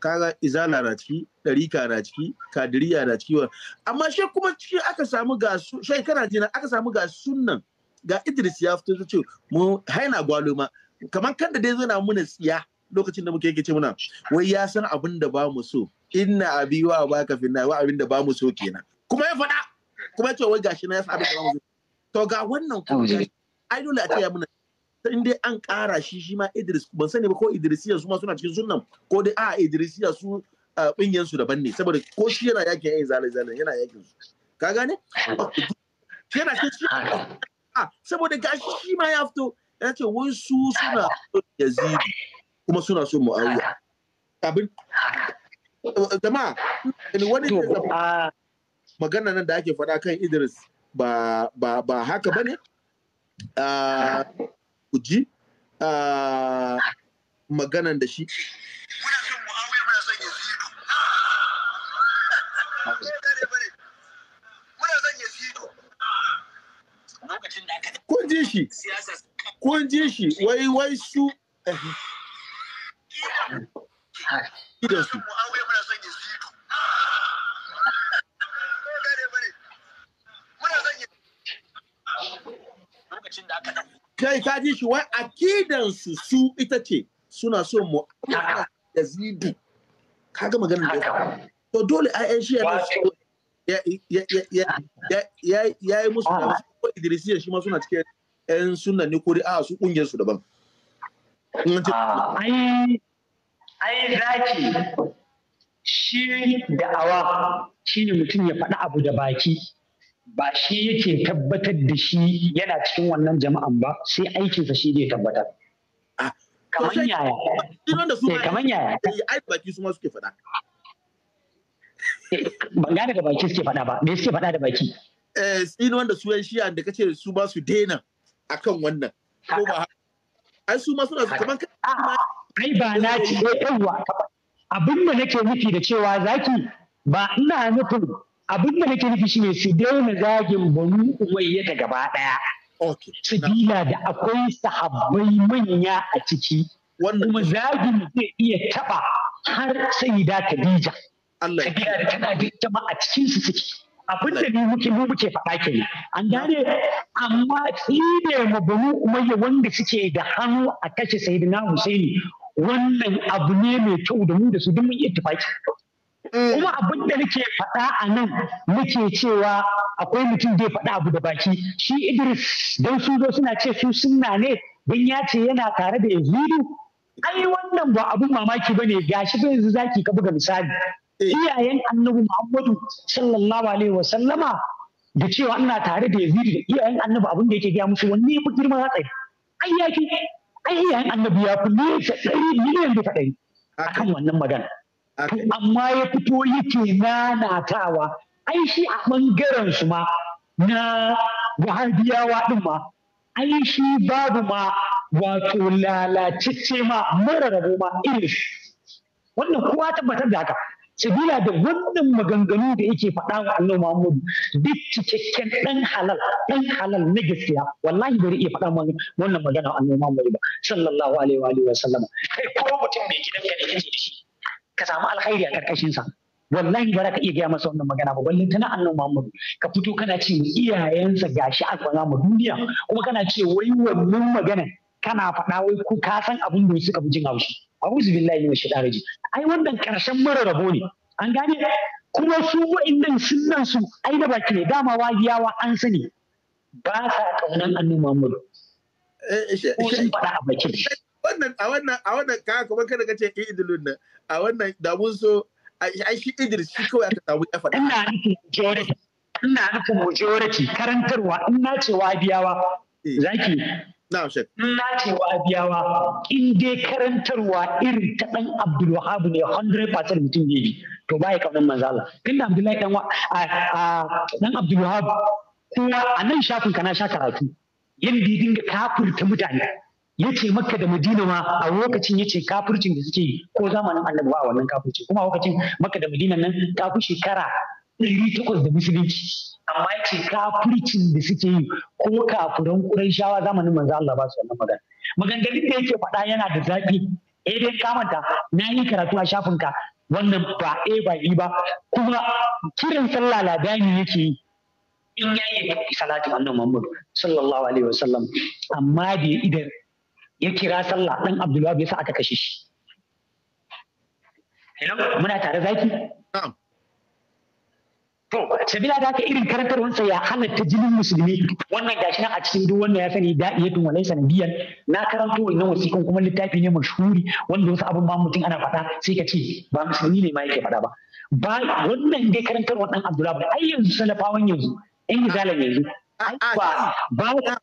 kaga izala na ciki ɗarika na ciki kadiriya na ciki amma shi kuma ciki aka samu ga su shai kana jina aka samu ga sunnan ga Idris ya fito ce mu haina gwalo ma kamar kan da dai zo na muna tsiya lokacin da muke yake muna wai ya san abin da ba mu so inna abi wa ba ka finna wa abin da ba mu so kenan kuma ya faɗa kuma ya ce wai gashi na ya sabi da wani to ga wannan kuma ai dole a taya ya muna dai an ƙara shi shi ma Idris ban sani ba ko Idrisiya su ma suna cikin sunnan ko dai a Idrisiya su binyan su daban ne saboda ko shi yana yakin yin zalai zalai yana yakin su ka gane yana cikin shi ah, saboda gashi shi ma ya fito ya ce wai su suna yazidi kuma suna son mu'awiya abin jama'a wani magana nan da ake faɗa kan Idris ba, ba, ba haka ba ne? Ah, uji? ji ah, maganan da shi. Muna son Muna son ya (laughs) Kun ji shi. Kun ji shi. Wai wai su. Eh. Idan su. kai ka ji shi wai akidansu su ita ce suna so mu da zidi kaga magana da to dole ai shi ya yi musu ko Idrisi shi ma suna cikin yan sunan ne ko a su kungiyar su daban ah. ai ai zaki shi awa shine mutum ya faɗi abu da baki ba shi yake tabbatar da shi yana cikin wannan jama'an ba sai aikinsa shi zai tabbatar. Ah, kaman yaya. Eh, kaman yaya. Ai baki su ma suke faɗa. Eh, ban gane da baki suke faɗa ba, me suke faɗa da baki? Eh, tsinuwan wanda su yan shiya da kace su ba su daina akan wannan. Ko ba Ai su ma suna kaman Ai ba na ce eh, yawa. Abin da nake nufi da cewa zaki ba ina nufin abin da nake nufi shine su daina zagin banu umayya ta gaba daya su dila da akwai sahabbai manya a ciki kuma zagin zai iya taba har sai da Khadija Khadija da tana da jama a cikin su ciki abin da ni muke mu muke faɗa kenan an gane amma ne mu banu umayya wanda suke da hannu a kashe sayyidina Husaini wannan abu ne mai kyau da mu da su duk mun iya tafaki Kuma abin da nake faɗa a nan nake cewa akwai mutum da ya faɗa abu da baki shi Idris don su zo suna ce su sunna ne don ya ce yana tare da Yazidu. Ai wannan ba abun mamaki ba ne gashi ba yanzu zaki ka buga misali. Eh. Iyayen annabi Muhammadu sallallahu alaihi wa sallama da cewa ina tare da Yazidu da iyayen annabi abin da yake gaya musu wanne ya fi girman hatsari. Ai ya ai iyayen annabi ya fi nesa ɗari miliyan da ɗari. A kan wannan magana. amma ya fito yake nanatawa ai shi a ɓangaren su ma na wahabiyawa ɗin ma ai shi babu ma wato lalacicce ma mara rabo ma irish wannan kowa tabbatar da haka sabila da wannan maganganu da yake faɗa wa Allah Muhammadu duk cikakken ɗan halal ɗan halal na gaskiya wallahi bari iya faɗa wannan magana Allah Muhammadu ba sallallahu alaihi wa sallama. kai ko mutum gidan ka ne kake da shi ka samu alkhairi a sa wallahi ba za ka iya gaya masa wannan magana ba wallahi tana annan Muhammadu ka fito kana ce iyayensa gashi a kwana mu duniya kuma kana ce wai wannan magana kana faɗa wai ku ka san abin da suka fi jin haushi a'udhu billahi minash shaitanir rajim ai wannan karshen mara rabo ne an gane kuma su wa'indan nan su ai da baki ne dama wagiyawa an sani ba sa kaunan annabi Muhammadu eh, eh, faɗa a bakin wannan a wannan a wannan ka kuma kada ka ce idilun nan a wannan da mun so ai shi idris shi kawai aka samu ya faɗa ina nufin majority ina nufin majority karantarwa ina cewa biyawa eh. zaki na shek ina cewa biyawa in dai karantarwa irin ta dan wahab ne 100% mutum ne bi to bai kaunar manzo Allah tunda abdullahi dan dan wahab kuma a nan shafin kana sha karatu yin ya dinga kafurta mutane Ya ce makka da madina ma a lokacin ce kafircin da suke yi ko zamanin annabi ba a wannan kafirci kuma a lokacin makka da madina nan ta fi shekara ɗari takwas da musulunci amma ya ce kafircin da suke yi ko kafiran shawa zamanin manzo Allah ba su wannan magana maganganun da yake faɗa yana da zafi eh dai kamanta na yi karatu a shafinka wannan ba a ba yi e ba kuma kiran sallah ladani yake yi in yayi salatu annabi Muhammad sallallahu alaihi wasallam amma da idan ya kira sallah dan abdullahi ya sa aka kashe shi muna tare zaki to sabila da ka irin karantarwansa ya halatta jinin musulmi wannan gashi nan a cikin duk wanda ya sani da'iyatun walai sanadiyan na karanto nan wasiƙan kuma littafi ne mashhuri wanda wasu abin ba mutum ana faɗa sai ka ce ba musulmi ne ma yake faɗa ba ba wannan dai karantarwan wannan Abdullahi ai yanzu salafawan yanzu in misalan yanzu ba ba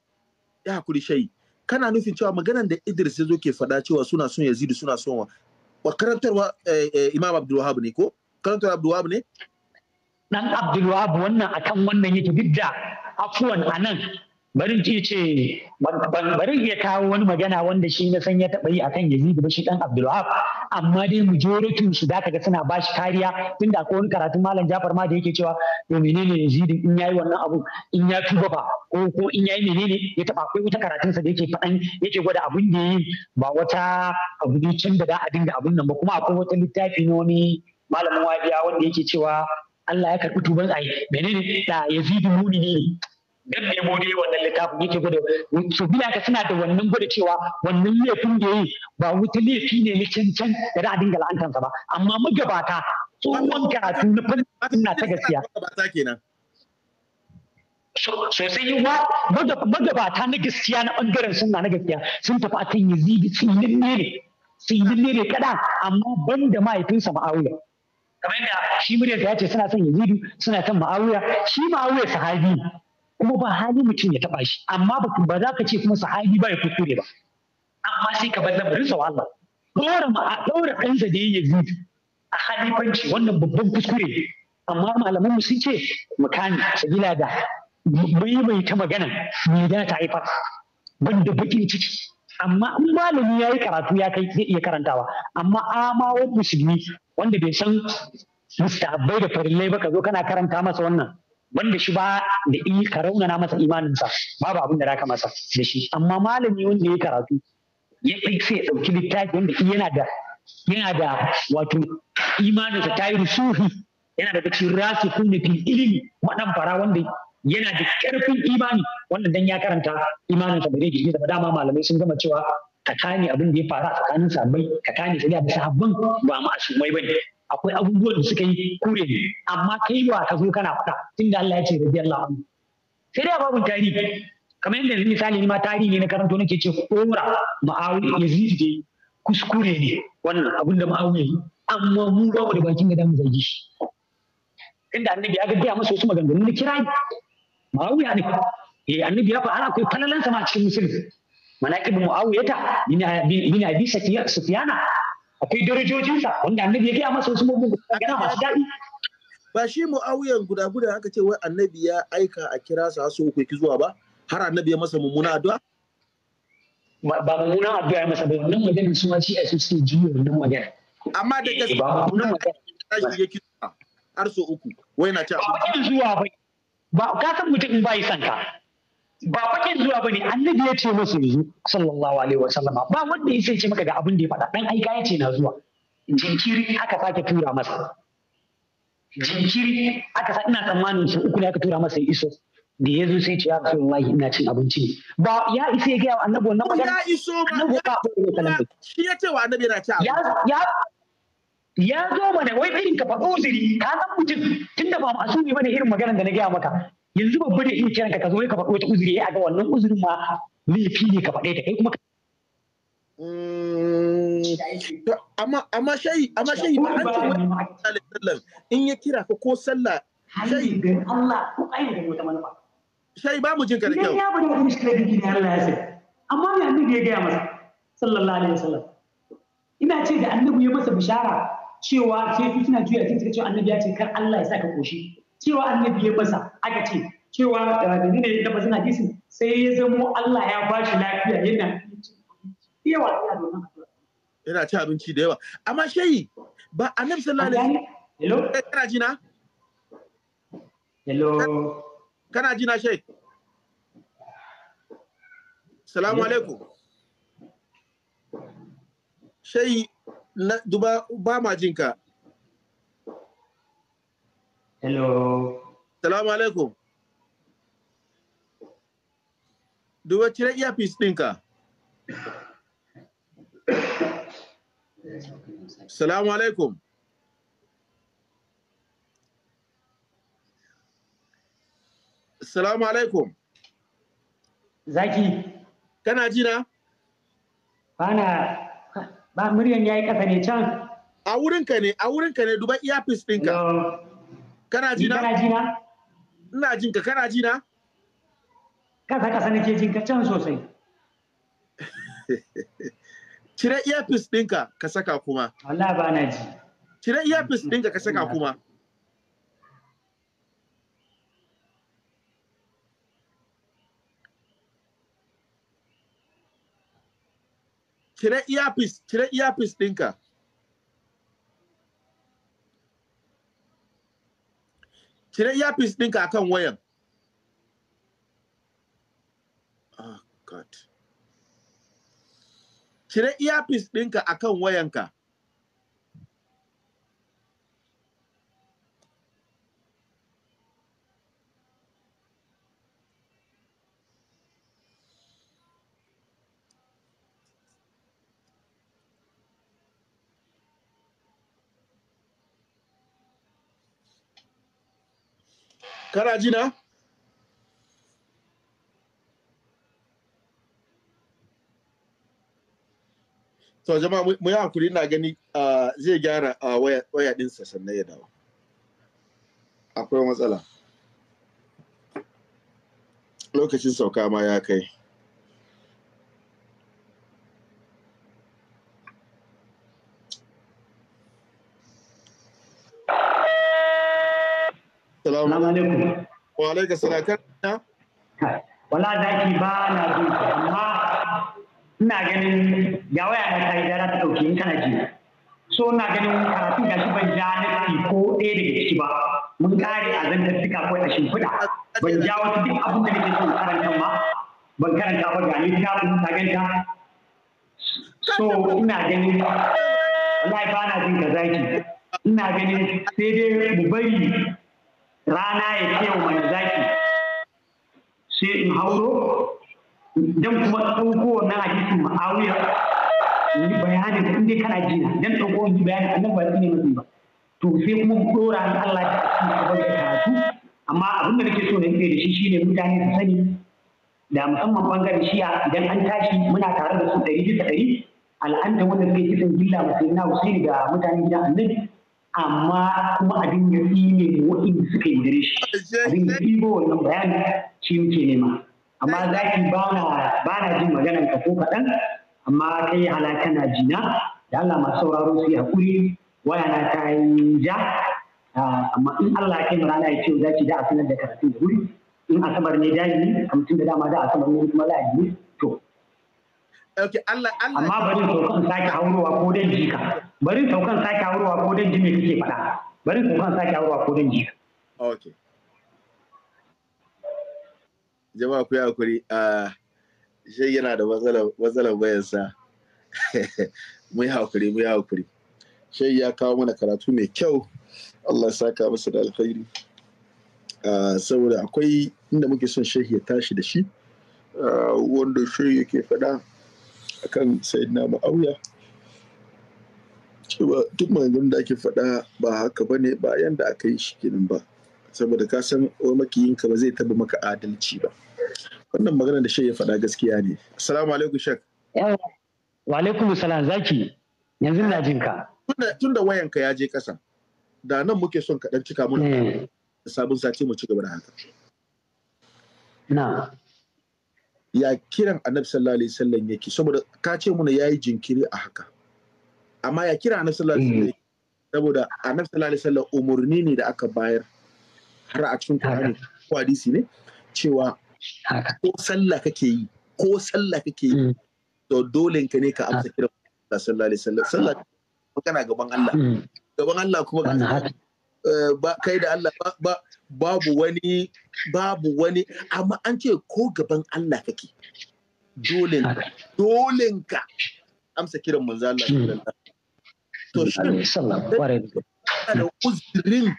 ya hakuri shayi kana nufin cewa maganan da Idris ya zo ke faɗa cewa suna son Yazid suna son wa karantarwa eh, eh, Imam Abdul Wahab ne ko karantar Abdul Wahab ne dan Abdul Wahab wannan akan wannan yake bidda, afuwan anan bari ki ce bari ya kawo wani magana wanda shi na san ya taɓa yi akan Yazid shi dan Abdulwahab amma dai majoritin su da ga suna bashi kariya tunda akwai wani karatun Malam Jafar ma da yake cewa to menene Yazid in yayi wannan abu in ya tuba ba ko ko in yayi menene ya taɓa akwai wata karatun sa da yake faɗan yake gwada abun da yi ba wata abu ne can da za a dinga abun nan ba kuma akwai wata littafi ne wani malamin wajiya wanda yake cewa Allah ya karɓi tuban ai menene da Yazid muni ne duk da yabo dai wannan littafin yake gudu su bila ka suna da wannan gudu cewa wannan laifin da yi ba wuta laifi ne na cancan da za a dinga la'antansa ba amma magabata tsohon karatu na fannin na ta gaskiya sosai yi wa magabata na gaskiya na bangaren suna na gaskiya sun tafi a kan yazidi tsinin ne tsinin ne kada amma ban da mahaifinsa ma'auya kamar yadda shi muryarta ya ce suna son yazidu suna son ma'auya shi ma'auya sahabi kuma ba hali mutum ya taba shi amma ba za ka ce kuma sahabi ba ya kuskure ba amma sai ka bar lamarin sa Allah dora ma dora kansa da yayi yazid a halifanci wannan babban kuskure amma malamanmu sun ce mukani sabila da mai mai ta magana me da ta haifar ban da bakin ciki amma in malami ya yi karatu ya kai zai iya karantawa amma wani musulmi wanda bai san mustahabbai da farillai ba ka zo kana karanta masa wannan wanda shi ba da yi ka raunana masa imaninsa ba ba abin da ka masa da shi amma malami wanda ya karatu ya sai ya ɗauki littafi wanda yana da yana da wato imaninsa ta yi rusuhi yana da cikin rasu kunna fil ilimi madan fara wanda yana da karfin imani wanda dan ya karanta imaninsa bai rage ba dama malamai sun gama cewa ka kane abin da ya faru a tsakanin sabai ka kane sai da sahabban ba ma ba bane akwai abubuwan da suka yi kure ne amma kai ba ka zo kana faɗa inda Allah ya ce Allah anhu sai dai babu tarihi kamar yadda yanzu misali ni ma tarihi ne na karanto nake ce kora ya yazid dai kuskure ne wannan abin da ma'awiya yi amma mu ba mu da bakin da mu zagi shi inda annabi ya gaggaya masa wasu maganganu na kira ya ne eh annabi ya faɗa akwai falalan sama cikin musulmi manaqib mu'awiyata bin abi sufyana akwai darajojinsa wanda annabi ya gaya masa wasu mugun yana masu daɗi ba shi mu'awiyan guda guda aka ce wai annabi ya aika a kira sa so ku ki zuwa ba har annabi ya masa mummuna addu'a ba mummuna addu'a ya masa ba wannan magana su ma shi a su suke jiyo wannan magana amma da gaske ba mummuna magana ya ki zuwa har so uku wai na abinci. ba zuwa ba ka san mutum in yi son ka ba fakin zuwa bane annabi ya ce masa yanzu sallallahu alaihi wa sallama ba wanda ya ce maka ga abin da ya faɗa dan aika ya ce na zuwa jinkiri aka sake tura masa jinkiri aka sa ina tsammanin su uku ne aka tura masa ya iso da ya zo sai ce ya rasu wallahi ina cin abinci ne ba ya isa ya gaya wa annabi wannan magana ya iso ba shi ya ce wa annabi yana cin abinci ya zo mana wai irin ka faɗo ziri ka san mutum tunda ba masu ne bane irin maganar da na gaya maka yanzu babba da iya kiranka ka zo ka faɗo wata uzuri eh, a ga wannan uzurin ma laifi ne ka faɗe ta kai kuma ka. Mm, amma shayi amma shayi ba an ce wani sallar in ya kira ka ko sallah shayi Allah ko ayin da wata manufa shayi ba mu jin ka da kyau ya bada wani shirye da gidan Allah ya sai amma me annabi ya gaya masa sallallahu alaihi wasallam ina ce da annabi ya masa bishara cewa sai suna juya cikin cewa annabi ya ce kar Allah ya saka koshi cewa annabi ya masa aka ce cewa eh, da ne da bazin hadisin sai ya zamo Allah ya ba shi lafiya yana yawa yana yana ci abinci da yawa amma shayi ba annabi sallallahu alaihi hello eh, kana jina hello kana jina shayi salamu alaikum shayi na duba ba ma jinka hello Salamu alaikum. Duba cire fis ɗinka. Salamu alaikum. Salamu alaikum. Zaki. Kana ji na? Bana ba muryan yi ƙasa ne can. A wurinka ne, a wurinka ne duba fis ɗinka. Kana jina? na? Kana ji na? ina jin ka kana ji na kasa kasa nake jin ka can sosai (laughs) cire earpiece ɗinka ka saka kuma Allah ba na ji cire earpiece ɗinka ka saka kuma cire earpiece cire earpiece ɗinka cire earpiece ɗinka a kan wayan ah, cire earpiece ɗinka a kan wayanka kana jina? to jama'a mu yi hakuri na gani zai gyara waya ɗinsa sannan ya dawo akwai matsala lokacin sauka ma ya kai Salamu alaikum. Wa alaikum Wala daki ba na jin amma ina ganin ga waya na kai da ta dauke in kana ji. So ina ganin karatun gashi ban ja nafi ko ɗaya daga ciki ba. Mun kare a zantattuka ko a shimfiɗa. Ban ja wata duk abin da nake son karanta ma. Ban karanta ba ga ni ta ta ganta. So ina ganin wallahi ba na jin ka zaki. Ina ganin sai dai mu bari rana ya ce wa mai zaki sai in hauro dan kuma ɗauko wannan hadisin ma'awiya in yi bayanin in dai kana jina dan ɗauko in yi bayanin annabi ba ne mutum ba to sai kuma mu ɗora an Allah ya ci gaba da karatu amma abin da nake so na yi da shi shine mutane su sani da musamman bangaren shiya idan an tashi muna tare da su ɗari bisa ɗari al'anta wanda suke kisan gilla musulmi na husaini da mutane gidan annabi amma kuma abin ya ne mu waɗanda suka yi gare shi abin ya ibo wannan bayani shi muke nema amma zaki ba na jin maganan ka ko kaɗan amma kai halaka na jina da Allah masu sauraro su yi haƙuri waya na ta yi ja ah, amma in Allah ya kai mu rana ya ce za ki da a sanar da karatun da wuri in asabar ne dajini a mutum da dama da asabar ne kuma la'adi okay Allah Allah amma bari saukan sake haurowa ko dan jika bari saukan sake haurowa ko dan jini kake faɗa bari saukan sake haurowa ko dan jika Ok. jama'a ku yi hakuri a ah, shi yana da matsalar bayansa (laughs) mu yi hakuri mu yi hakuri Shai ya kawo mana karatu mai kyau Allah ya saka masa da alkhairi ah, saboda akwai inda muke son shehi ya tashi da shi ah, wanda shi yake faɗa akan sayyidina ma'auya cewa duk maganganun da ake faɗa ba haka ba ne ba yanda aka yi shi kenan ba saboda ka san wani makiyinka ba zai taba maka adalci ba wannan magana da shai ya faɗa gaskiya ne assalamu alaikum shek wa alaikum salam zaki yanzu na ka. tunda wayanka ya je ƙasa da nan muke son ka dan cika mun eh. sabon sace mu ci gaba da haka na'am ya kiran annabi sallallahu alaihi wasallam yake saboda ka ce muna yayi jinkiri a haka amma ya kira annabi sallallahu alaihi wasallam saboda annabi sallallahu alaihi wasallam umurni ne da aka bayar har a cikin Qur'ani ko hadisi ne cewa ko sallah kake yi ko sallah kake yi mm. to dole ka ne ka amsa kiran sallallahu alaihi wasallam sallah kana gaban Allah mm. gaban Allah kuma Eh, ba kai da Allah ba babu wani babu wani amma an ce ko gaban Allah kake dolen dole ka amsa kiran manzo Allah hmm. to shi da uzurin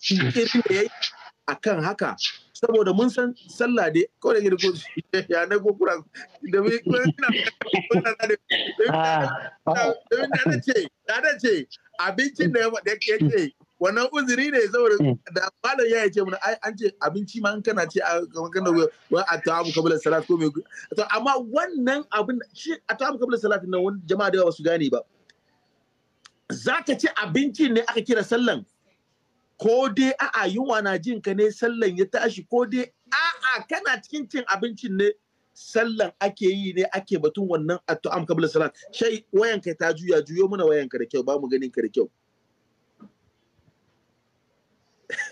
shi da hmm. akan haka saboda mun san sallah dai ko da (laughs) girko ya na ko kura da mai ko ina da ah. da da ce da ce abincin da ya ce wannan uzuri ne saboda mm. da malam ya ce mun ai an ce abinci ma an kana ce a kamar da wani atabu kabla salat ko mai to amma wannan abin shi atabu kabla salat nan wani jama'a da ba su gane ba za ka ci abinci ne aka kira sallan ko dai a'a yunwa na jin ka ne sallan ya tashi ko dai a'a kana cikin cin abincin ne sallan ake yi ne ake batun wannan at'am qabla salat shai wayanka ta juya juyo mana wayanka da kyau ba mu ganin ka da kyau (laughs)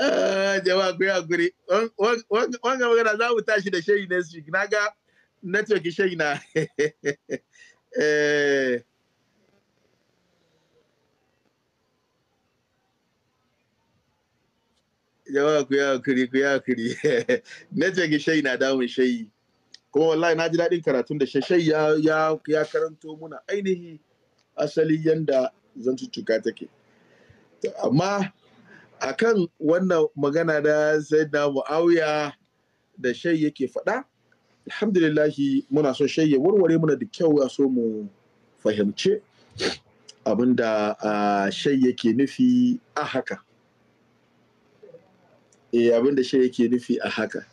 ah, jama'a ku ya guri wanga magana za mu tashi da shayi na shi na ga network shayi na (laughs) eh. jama'a ku ya kuri ku ya kuri (laughs) na ce gishai na damun shayi kuma wallahi na ji daɗin karatun da shashai ya ya karanto muna ainihi asali yanda zantuttuka take amma kan wannan magana da sayyidina muawiya da shai yake faɗa alhamdulillahi muna so shai ya warware muna da kyau ya so mu fahimce abinda ah, shai yake nufi a haka E, abin da shi yake nufi a haka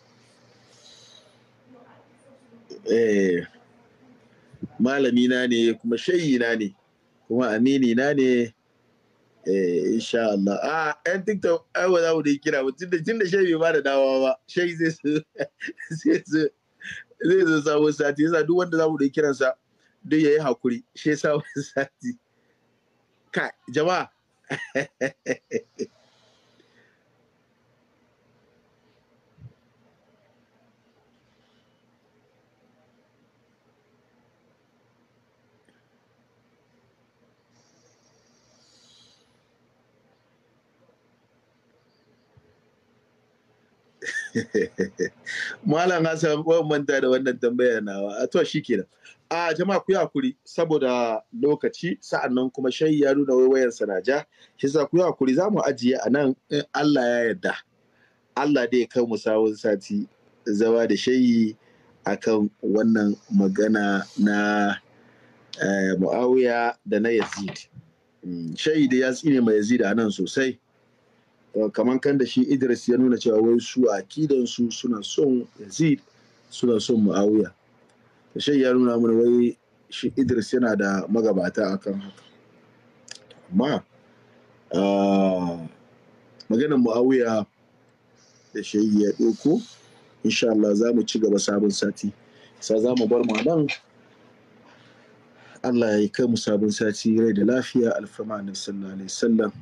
eh malami na ne kuma shayi na ne kuma amini na ne eh insha Allah a ah, ɗan tiktok ai wa za mu dai kira mutum da tun da shayi bai ba da dawa ba shayi zai su zai su zai zo sati yasa duk wanda za mu dai kiransa duk yayi hakuri shi sabon (laughs) sati ka jama'a (laughs) (laughs) Malam Hassan ban manta da wannan tambaya nawa. A to shikenan. A jama'a ku yi hakuri saboda lokaci sa'annan kuma shai ya nuna wayar sanaja. Shi sa ku yi hakuri za mu ajiye a nan in Allah ya yarda. Allah dai kai mu sawun sati zama da shayi akan wannan magana na eh, Muawiya da na Yazid. Hmm, shayi da ya tsine mai Yazid a nan sosai. Eh, kamar kan da shi idris ya nuna cewa wai su a su suna son yazid suna son muawiya da shi ya nuna mana wai shi idris yana da magabata akan haka amma eh, maganin muawiya da shi ya ɗauko insha Allah za mu ci gaba sabon sati sa za mu bar mu nan Allah ya kai mu sabon sati rai da lafiya alfama sallallahu alaihi wasallam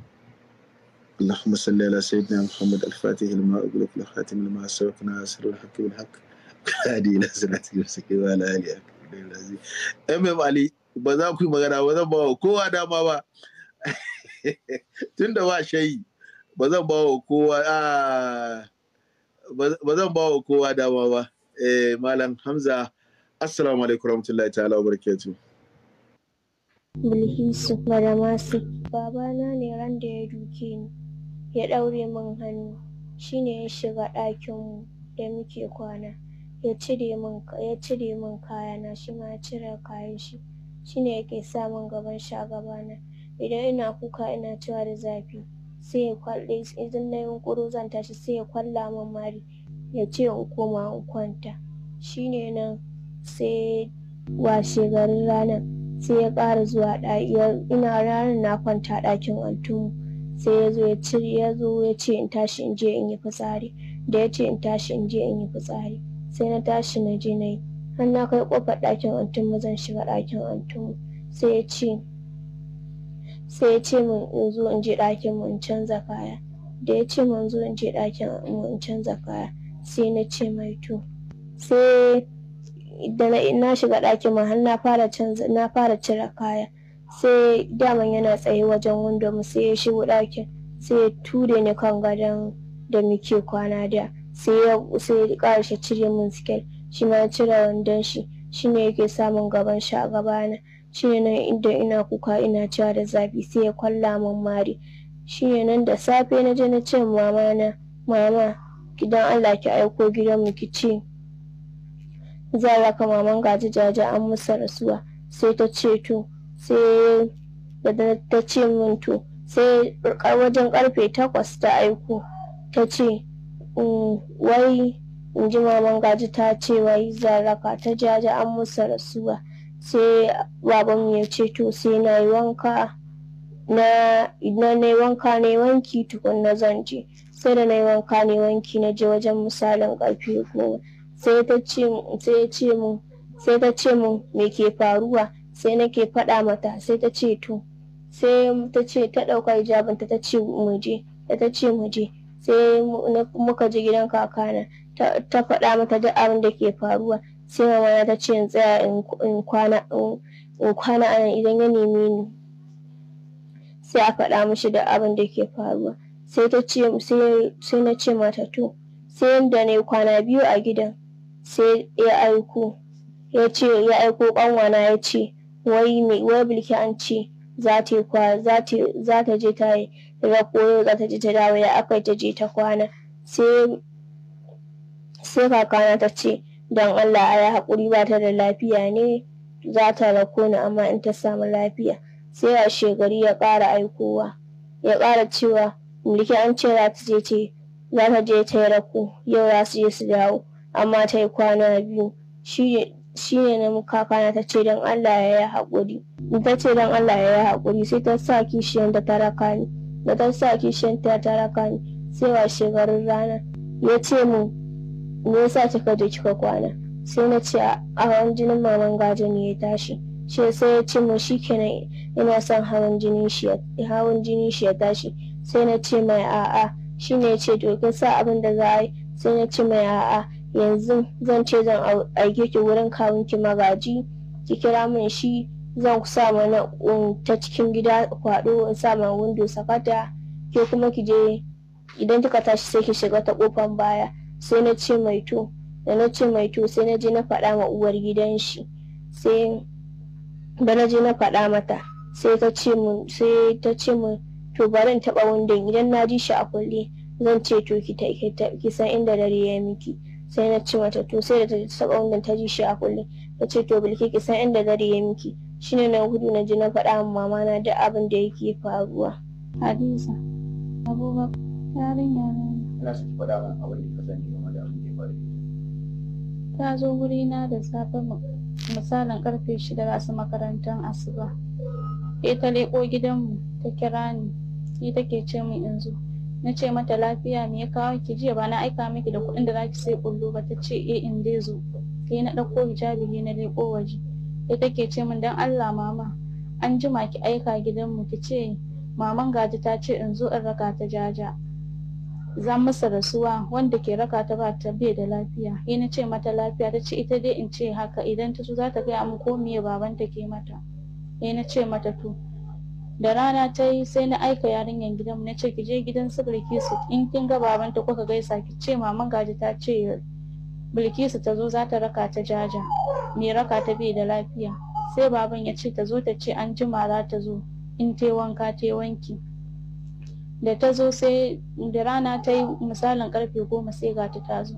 اللهم صل على سيدنا محمد الفاتح لما أغلق لما سبق ناصر الحق بالحق bawa kowa dama ba tun da babana ne ran da ya duke ni. ya ɗaure min hannu shi ne ya shiga ɗakinmu da muke kwana ya cire min kayana shi ma ya cire kayan shi shi ne yake sa min gaban shi a gabana idan ina kuka ina cewa da zafi sai ya kwalle idan na yunƙuro zan tashi sai ya kwalla min mari ya ce in koma in kwanta shi ne nan sai washe garin ranar sai ya ƙara zuwa ɗaki ina ranar na kwanta ɗakin antumu sai ya zo ya ya zo ya ce in tashi in je in yi fitsari da ya ce in tashi in je in yi fitsari sai na tashi na je na yi har na kai kofar ɗakin mu zan shiga ɗakin antum sai ya ce sai ya ce min in zo in je ɗakin mu in canza kaya da ya ce in zo in je ɗakin mu in canza kaya sai na ce mai to sai da na shiga ɗakin mu har na fara canza na fara cire kaya sai daman yana tsaye wajen windon sai ya shigo ɗakin sai ya ture ni kan gadon da muke kwana da sai ya sai ya ƙarshe cire min sikel shi ma cire wandon shi ne yake samun gaban shi a gabana ne nan inda ina kuka ina cewa da zafi sai ya kwalla min mari Shi ne nan da safe na je na ce mama na mama gidan Allah ki aiko gidan mu ki ce zara ka maman gaji jaji an musa rasuwa sai ta ce to sai yadda ta ce sai wajen karfe takwas ta aiko ta ce mm, wai in ji maman gaji ta ce wai zaraka ta jaja an musa rasuwa sai baban ya ce to sai na yi wanka na na wanka ne wanki tukun na zan je sai da na yi wanka ne wanki na je wajen misalin karfe goma sai ta ce mu sai ta ce mu me ke faruwa sai nake faɗa mata sai ta ce to sai ta ce ta ɗauka hijabin ta ce mu je ta ce mu je sai muka je gidan kakana ta faɗa mata duk abin da ke faruwa sai mama ta ce in tsaya in kwana a idan ya neme ni sai a faɗa mishi da abin da ke faruwa sai ta ce sai na ce mata to sai da ne kwana biyu a gidan sai ya aiko ya ce ya aiko ƙanwana ya ce wai mai wai bilki an ce za ta za ta je ta daga za ta je ta dawo ya aka ta je ta kwana sai kakana ta ce don Allah a ya haƙuri ba ta da lafiya ne za ta rako ni amma in ta samu lafiya sai a shegari ya ƙara aikowa ya ƙara cewa mulki an ce za ta je ce za ta je ta yi rako yau za su je su dawo amma ta yi kwana biyu shi ne na na ta ce don Allah ya yi haƙuri ta ce don Allah ya yi haƙuri sai ta sa kishiyan ta taraka ni da ta sa kishiyan ta taraka ni sai wa shekarun rana ya ce mu me yasa kika je kika kwana sai na ce a hawan jinin maman gajo ne ya tashi shi sai ya ce mu kenan ina son hawan jinin shi hawan jinin shi ya tashi sai na ce mai a'a shi ne ya ce to kin sa abin da za a yi sai na ce mai a'a yanzu zan ce zan aike ki wurin kawun ki magaji ki kira min shi zan sa mana ta cikin gida kwado in sa mana windo sakata ke kuma ki je idan kika tashi sai ki shiga ta kofan baya sai na ce mai to da na ce mai to sai na je na faɗa ma uwar gidan shi sai da na je na faɗa mata sai ta ce mun sai ta ce mun to bari in taɓa windon idan na ji shi a kulle zan ce to ki san inda dare ya miki sai na ce mata to sai da ta saba wannan ta ji shi a kulle ta ce to bilki ki san inda dare ya miki shine na gudu na ji na faɗa min mama na duk abin da yake faruwa Hadiza Abubakar yarinya ne ina so ki faɗa min abin da ka sani game da abin da ya faru ta zo guri na da safe misalin karfe shida da su makarantar asuba ita leƙo gidanmu ta kira ni ita ke ce min in zo na ce mata lafiya me ya kawo ki jiya ba na aika miki da kuɗin da za ki sai ƙullo ba ta ce eh in dai zo ke na ɗauko hijabi ne na leƙo waje ita take ce min dan Allah mama an jima ki aika gidanmu ki ce maman gaji ta ce in zo in raka ta jaja zan masa rasuwa wanda ke raka ta ba ta bai da lafiya ya na ce mata lafiya ta ce ita dai in ce haka idan ta so za ta gaya min ko miye babanta ke mata ya na ce mata to da rana ta yi sai na aika yarinyar gidanmu na ce ki je gidan su bilkisu in kin ga babanta kuka gaisa ki ce maman gaji ta ce bilkisu ta zo za ta raka ta jaja me raka ta bai da lafiya sai baban ya ce ta zo ta ce an jima za ta zo in ta wanka ta wanki da ta zo sai da rana ta yi misalin karfe goma sai gata ta zo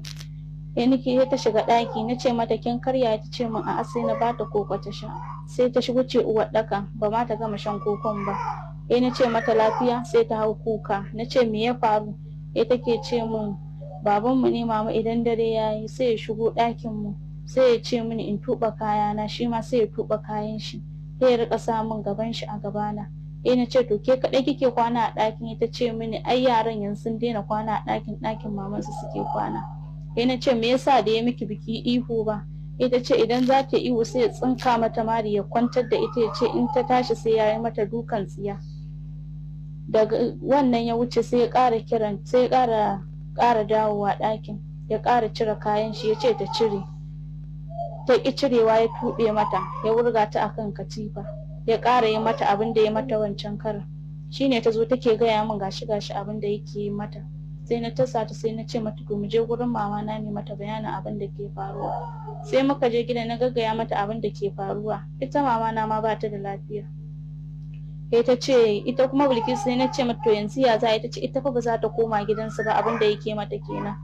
ya nike ta shiga ɗaki na ce mata kin karya ta ce min a sai na bata koko ta sha sai ta shigo ce uwar ɗaka ba ma ta gama shan kokon ba ya na ce mata lafiya sai ta hau kuka na ce me ya faru ya take ce min babanmu ne mama idan dare ya yi sai ya shigo mu sai ya ce mini in tuɓa kayana shi ma sai ya tuɓa kayan shi sai ya rika samun gaban shi a gabana eh na ce to ke kaɗai kike kwana a ɗakin ita ce mini ai yaran yanzu sun daina kwana a ɗakin ɗakin mamansu suke kwana sai na ce me yasa da ya miki biki ihu ba ita ce idan za ta ihu sai ya tsinka mata mari ya kwantar da ita ya ce in ta tashi sai ya yi mata dukan tsiya daga wannan ya wuce sai ya kara kiran sai ya ƙara ƙara dawowa ɗakin ya ƙara cire kayan shi ya ce ta cire ta ƙi cirewa ya tuɓe mata ya wurga ta a kan katifa ya ƙara yi mata abin da ya mata wancan karan shine ta zo take gaya min gashi gashi abin da yake mata sai na tasa ta sai na ce mata mu je gurin mama na ne mata bayanin abin da ke faruwa sai muka je gida na gaggaya mata abin da ke faruwa ita mama na ma ba ta da lafiya sai ta ce ita kuma bilkisu sai na ce mata to yanzu ya za ita ce ita fa ba za ta koma gidansu ba abin da yake mata kenan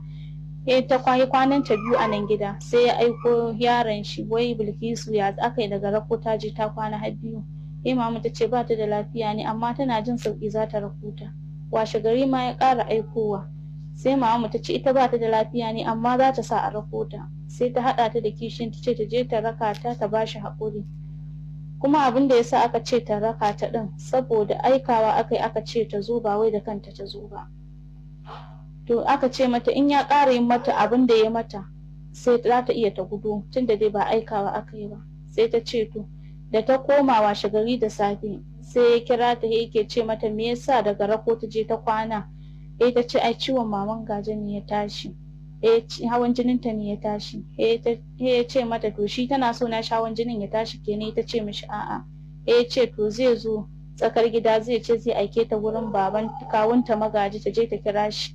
sai ta kwayi kwanan ta biyu a nan gida sai ya aiko yaron shi wai bilkisu ya aka yi daga rako ta je ta kwana har biyu sai mama ta ce ba ta da lafiya ne amma tana jin sauki za ta rakuta washe gari ma ya ƙara aikowa sai mamu ta ce ita ba ta da lafiya ne amma za ta sa a rakota sai ta haɗa ta da kishin ta ce ta je ta raka ta ta ba shi haƙuri kuma abin da yasa aka ce ta raka ta ɗin saboda aikawa aka yi aka ce ta zo ba wai da kanta ta zo ba to aka ce mata in ya ƙara yin mata abin da ya mata sai za ta iya ta gudu tunda dai ba aikawa aka yi ba sai ta ce to da ta koma washe gari da safe sai ya kira ta yake ce mata me yasa daga rako ta je ta kwana eh ta ce ai ciwon maman gaje ne ya tashi eh hawan jinin ta ne ya tashi eh, ya ce mata to shi tana so na hawan jinin ya tashi kenan ta ce mishi a'a eh ce to zai zo tsakar gida zai ce zai aike ta wurin baban kawunta magaji ta je ta kira shi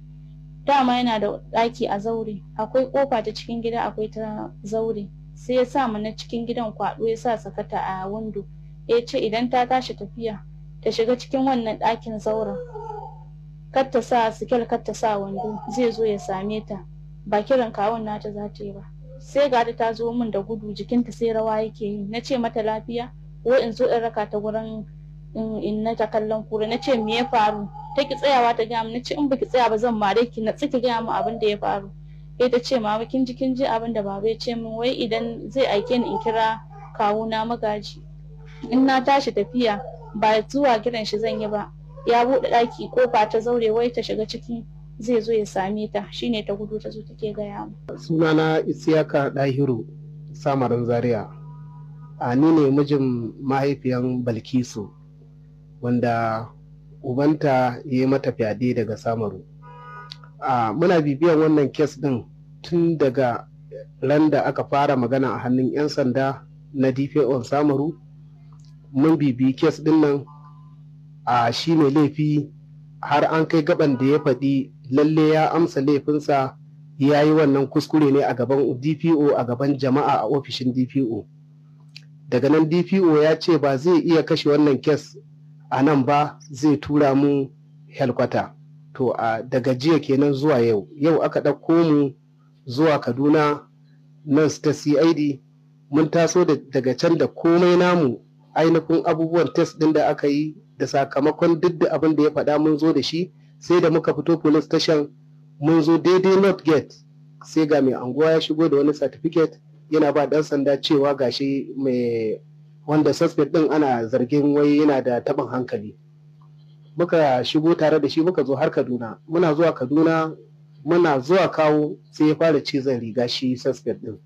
dama yana da ɗaki a zaure akwai kofa ta cikin gida akwai ta zaure sai ya sa na cikin gidan kwaɗo ya sa sakata a windo eh, ya ce idan ta tashi tafiya ta shiga cikin wannan ɗakin zauren kar ta sa sikel kar ta sa wando zai zo ya same ta ba kiran kawun nata za ta yi ba sai ga ta zo min da gudu jikinta sai rawa yake yi na ce mata lafiya ko in zo in raka ta gurin in na ta kallon kura na ce me ya faru ta ki tsayawa ta gaya na ce in baki tsaya ba zan mare ki na tsiki gaya mu abin da ya faru sai ta ce ma kin ji kin ji abin da baba ya ce min wai idan zai aike ni in kira kawuna magaji in na tashi tafiya ba zuwa kiran shi zan yi ba ya buɗe ɗaki kofa ta zaure wai ta shiga ciki zai zo ya same ta shine ta gudu ta zo take gaya yamu sunana isiyaka dahiru samarin zaria a ni ne mijin mahaifiyan balkisu wanda ubanta ya yi mata fyaɗe daga samaru a muna bibiyan wannan kes ɗin tun daga ran da aka fara magana a hannun 'yan sanda na dpo samaru mun bibiyi kes ɗin nan a shi ne laifi har an kai gaban da ya faɗi lalle ya amsa laifinsa ya yi wannan kuskure ne a gaban dpo a gaban jama'a a ofishin dpo daga nan dpo ya ce ba zai iya kashe wannan kes a nan ba zai tura mu helkwata to a daga jiya kenan zuwa yau yau aka ɗauko mu zuwa kaduna nan ta cid mun taso daga can da komai namu ainihin abubuwan test ɗin da aka yi da sakamakon duk da abin da ya faɗa mun zo da shi sai da muka fito police station mun zo daidai north gate sai ga mai anguwa ya shigo da wani certificate yana ba dan sanda cewa gashi mai wanda suspect din ana zargin wai yana da taɓin hankali muka shigo tare da shi muka zo har kaduna muna zuwa kaduna muna zuwa kawo sai ya fara cizon riga shi suspect din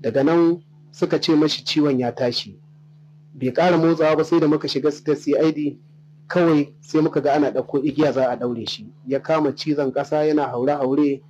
daga nan suka ce mashi ciwon ya tashi bai ƙara motsawa ba sai da muka shiga da cid kawai sai muka ga ana ɗauko igiya za a ɗaure shi ya kama cizon ƙasa yana haure-haure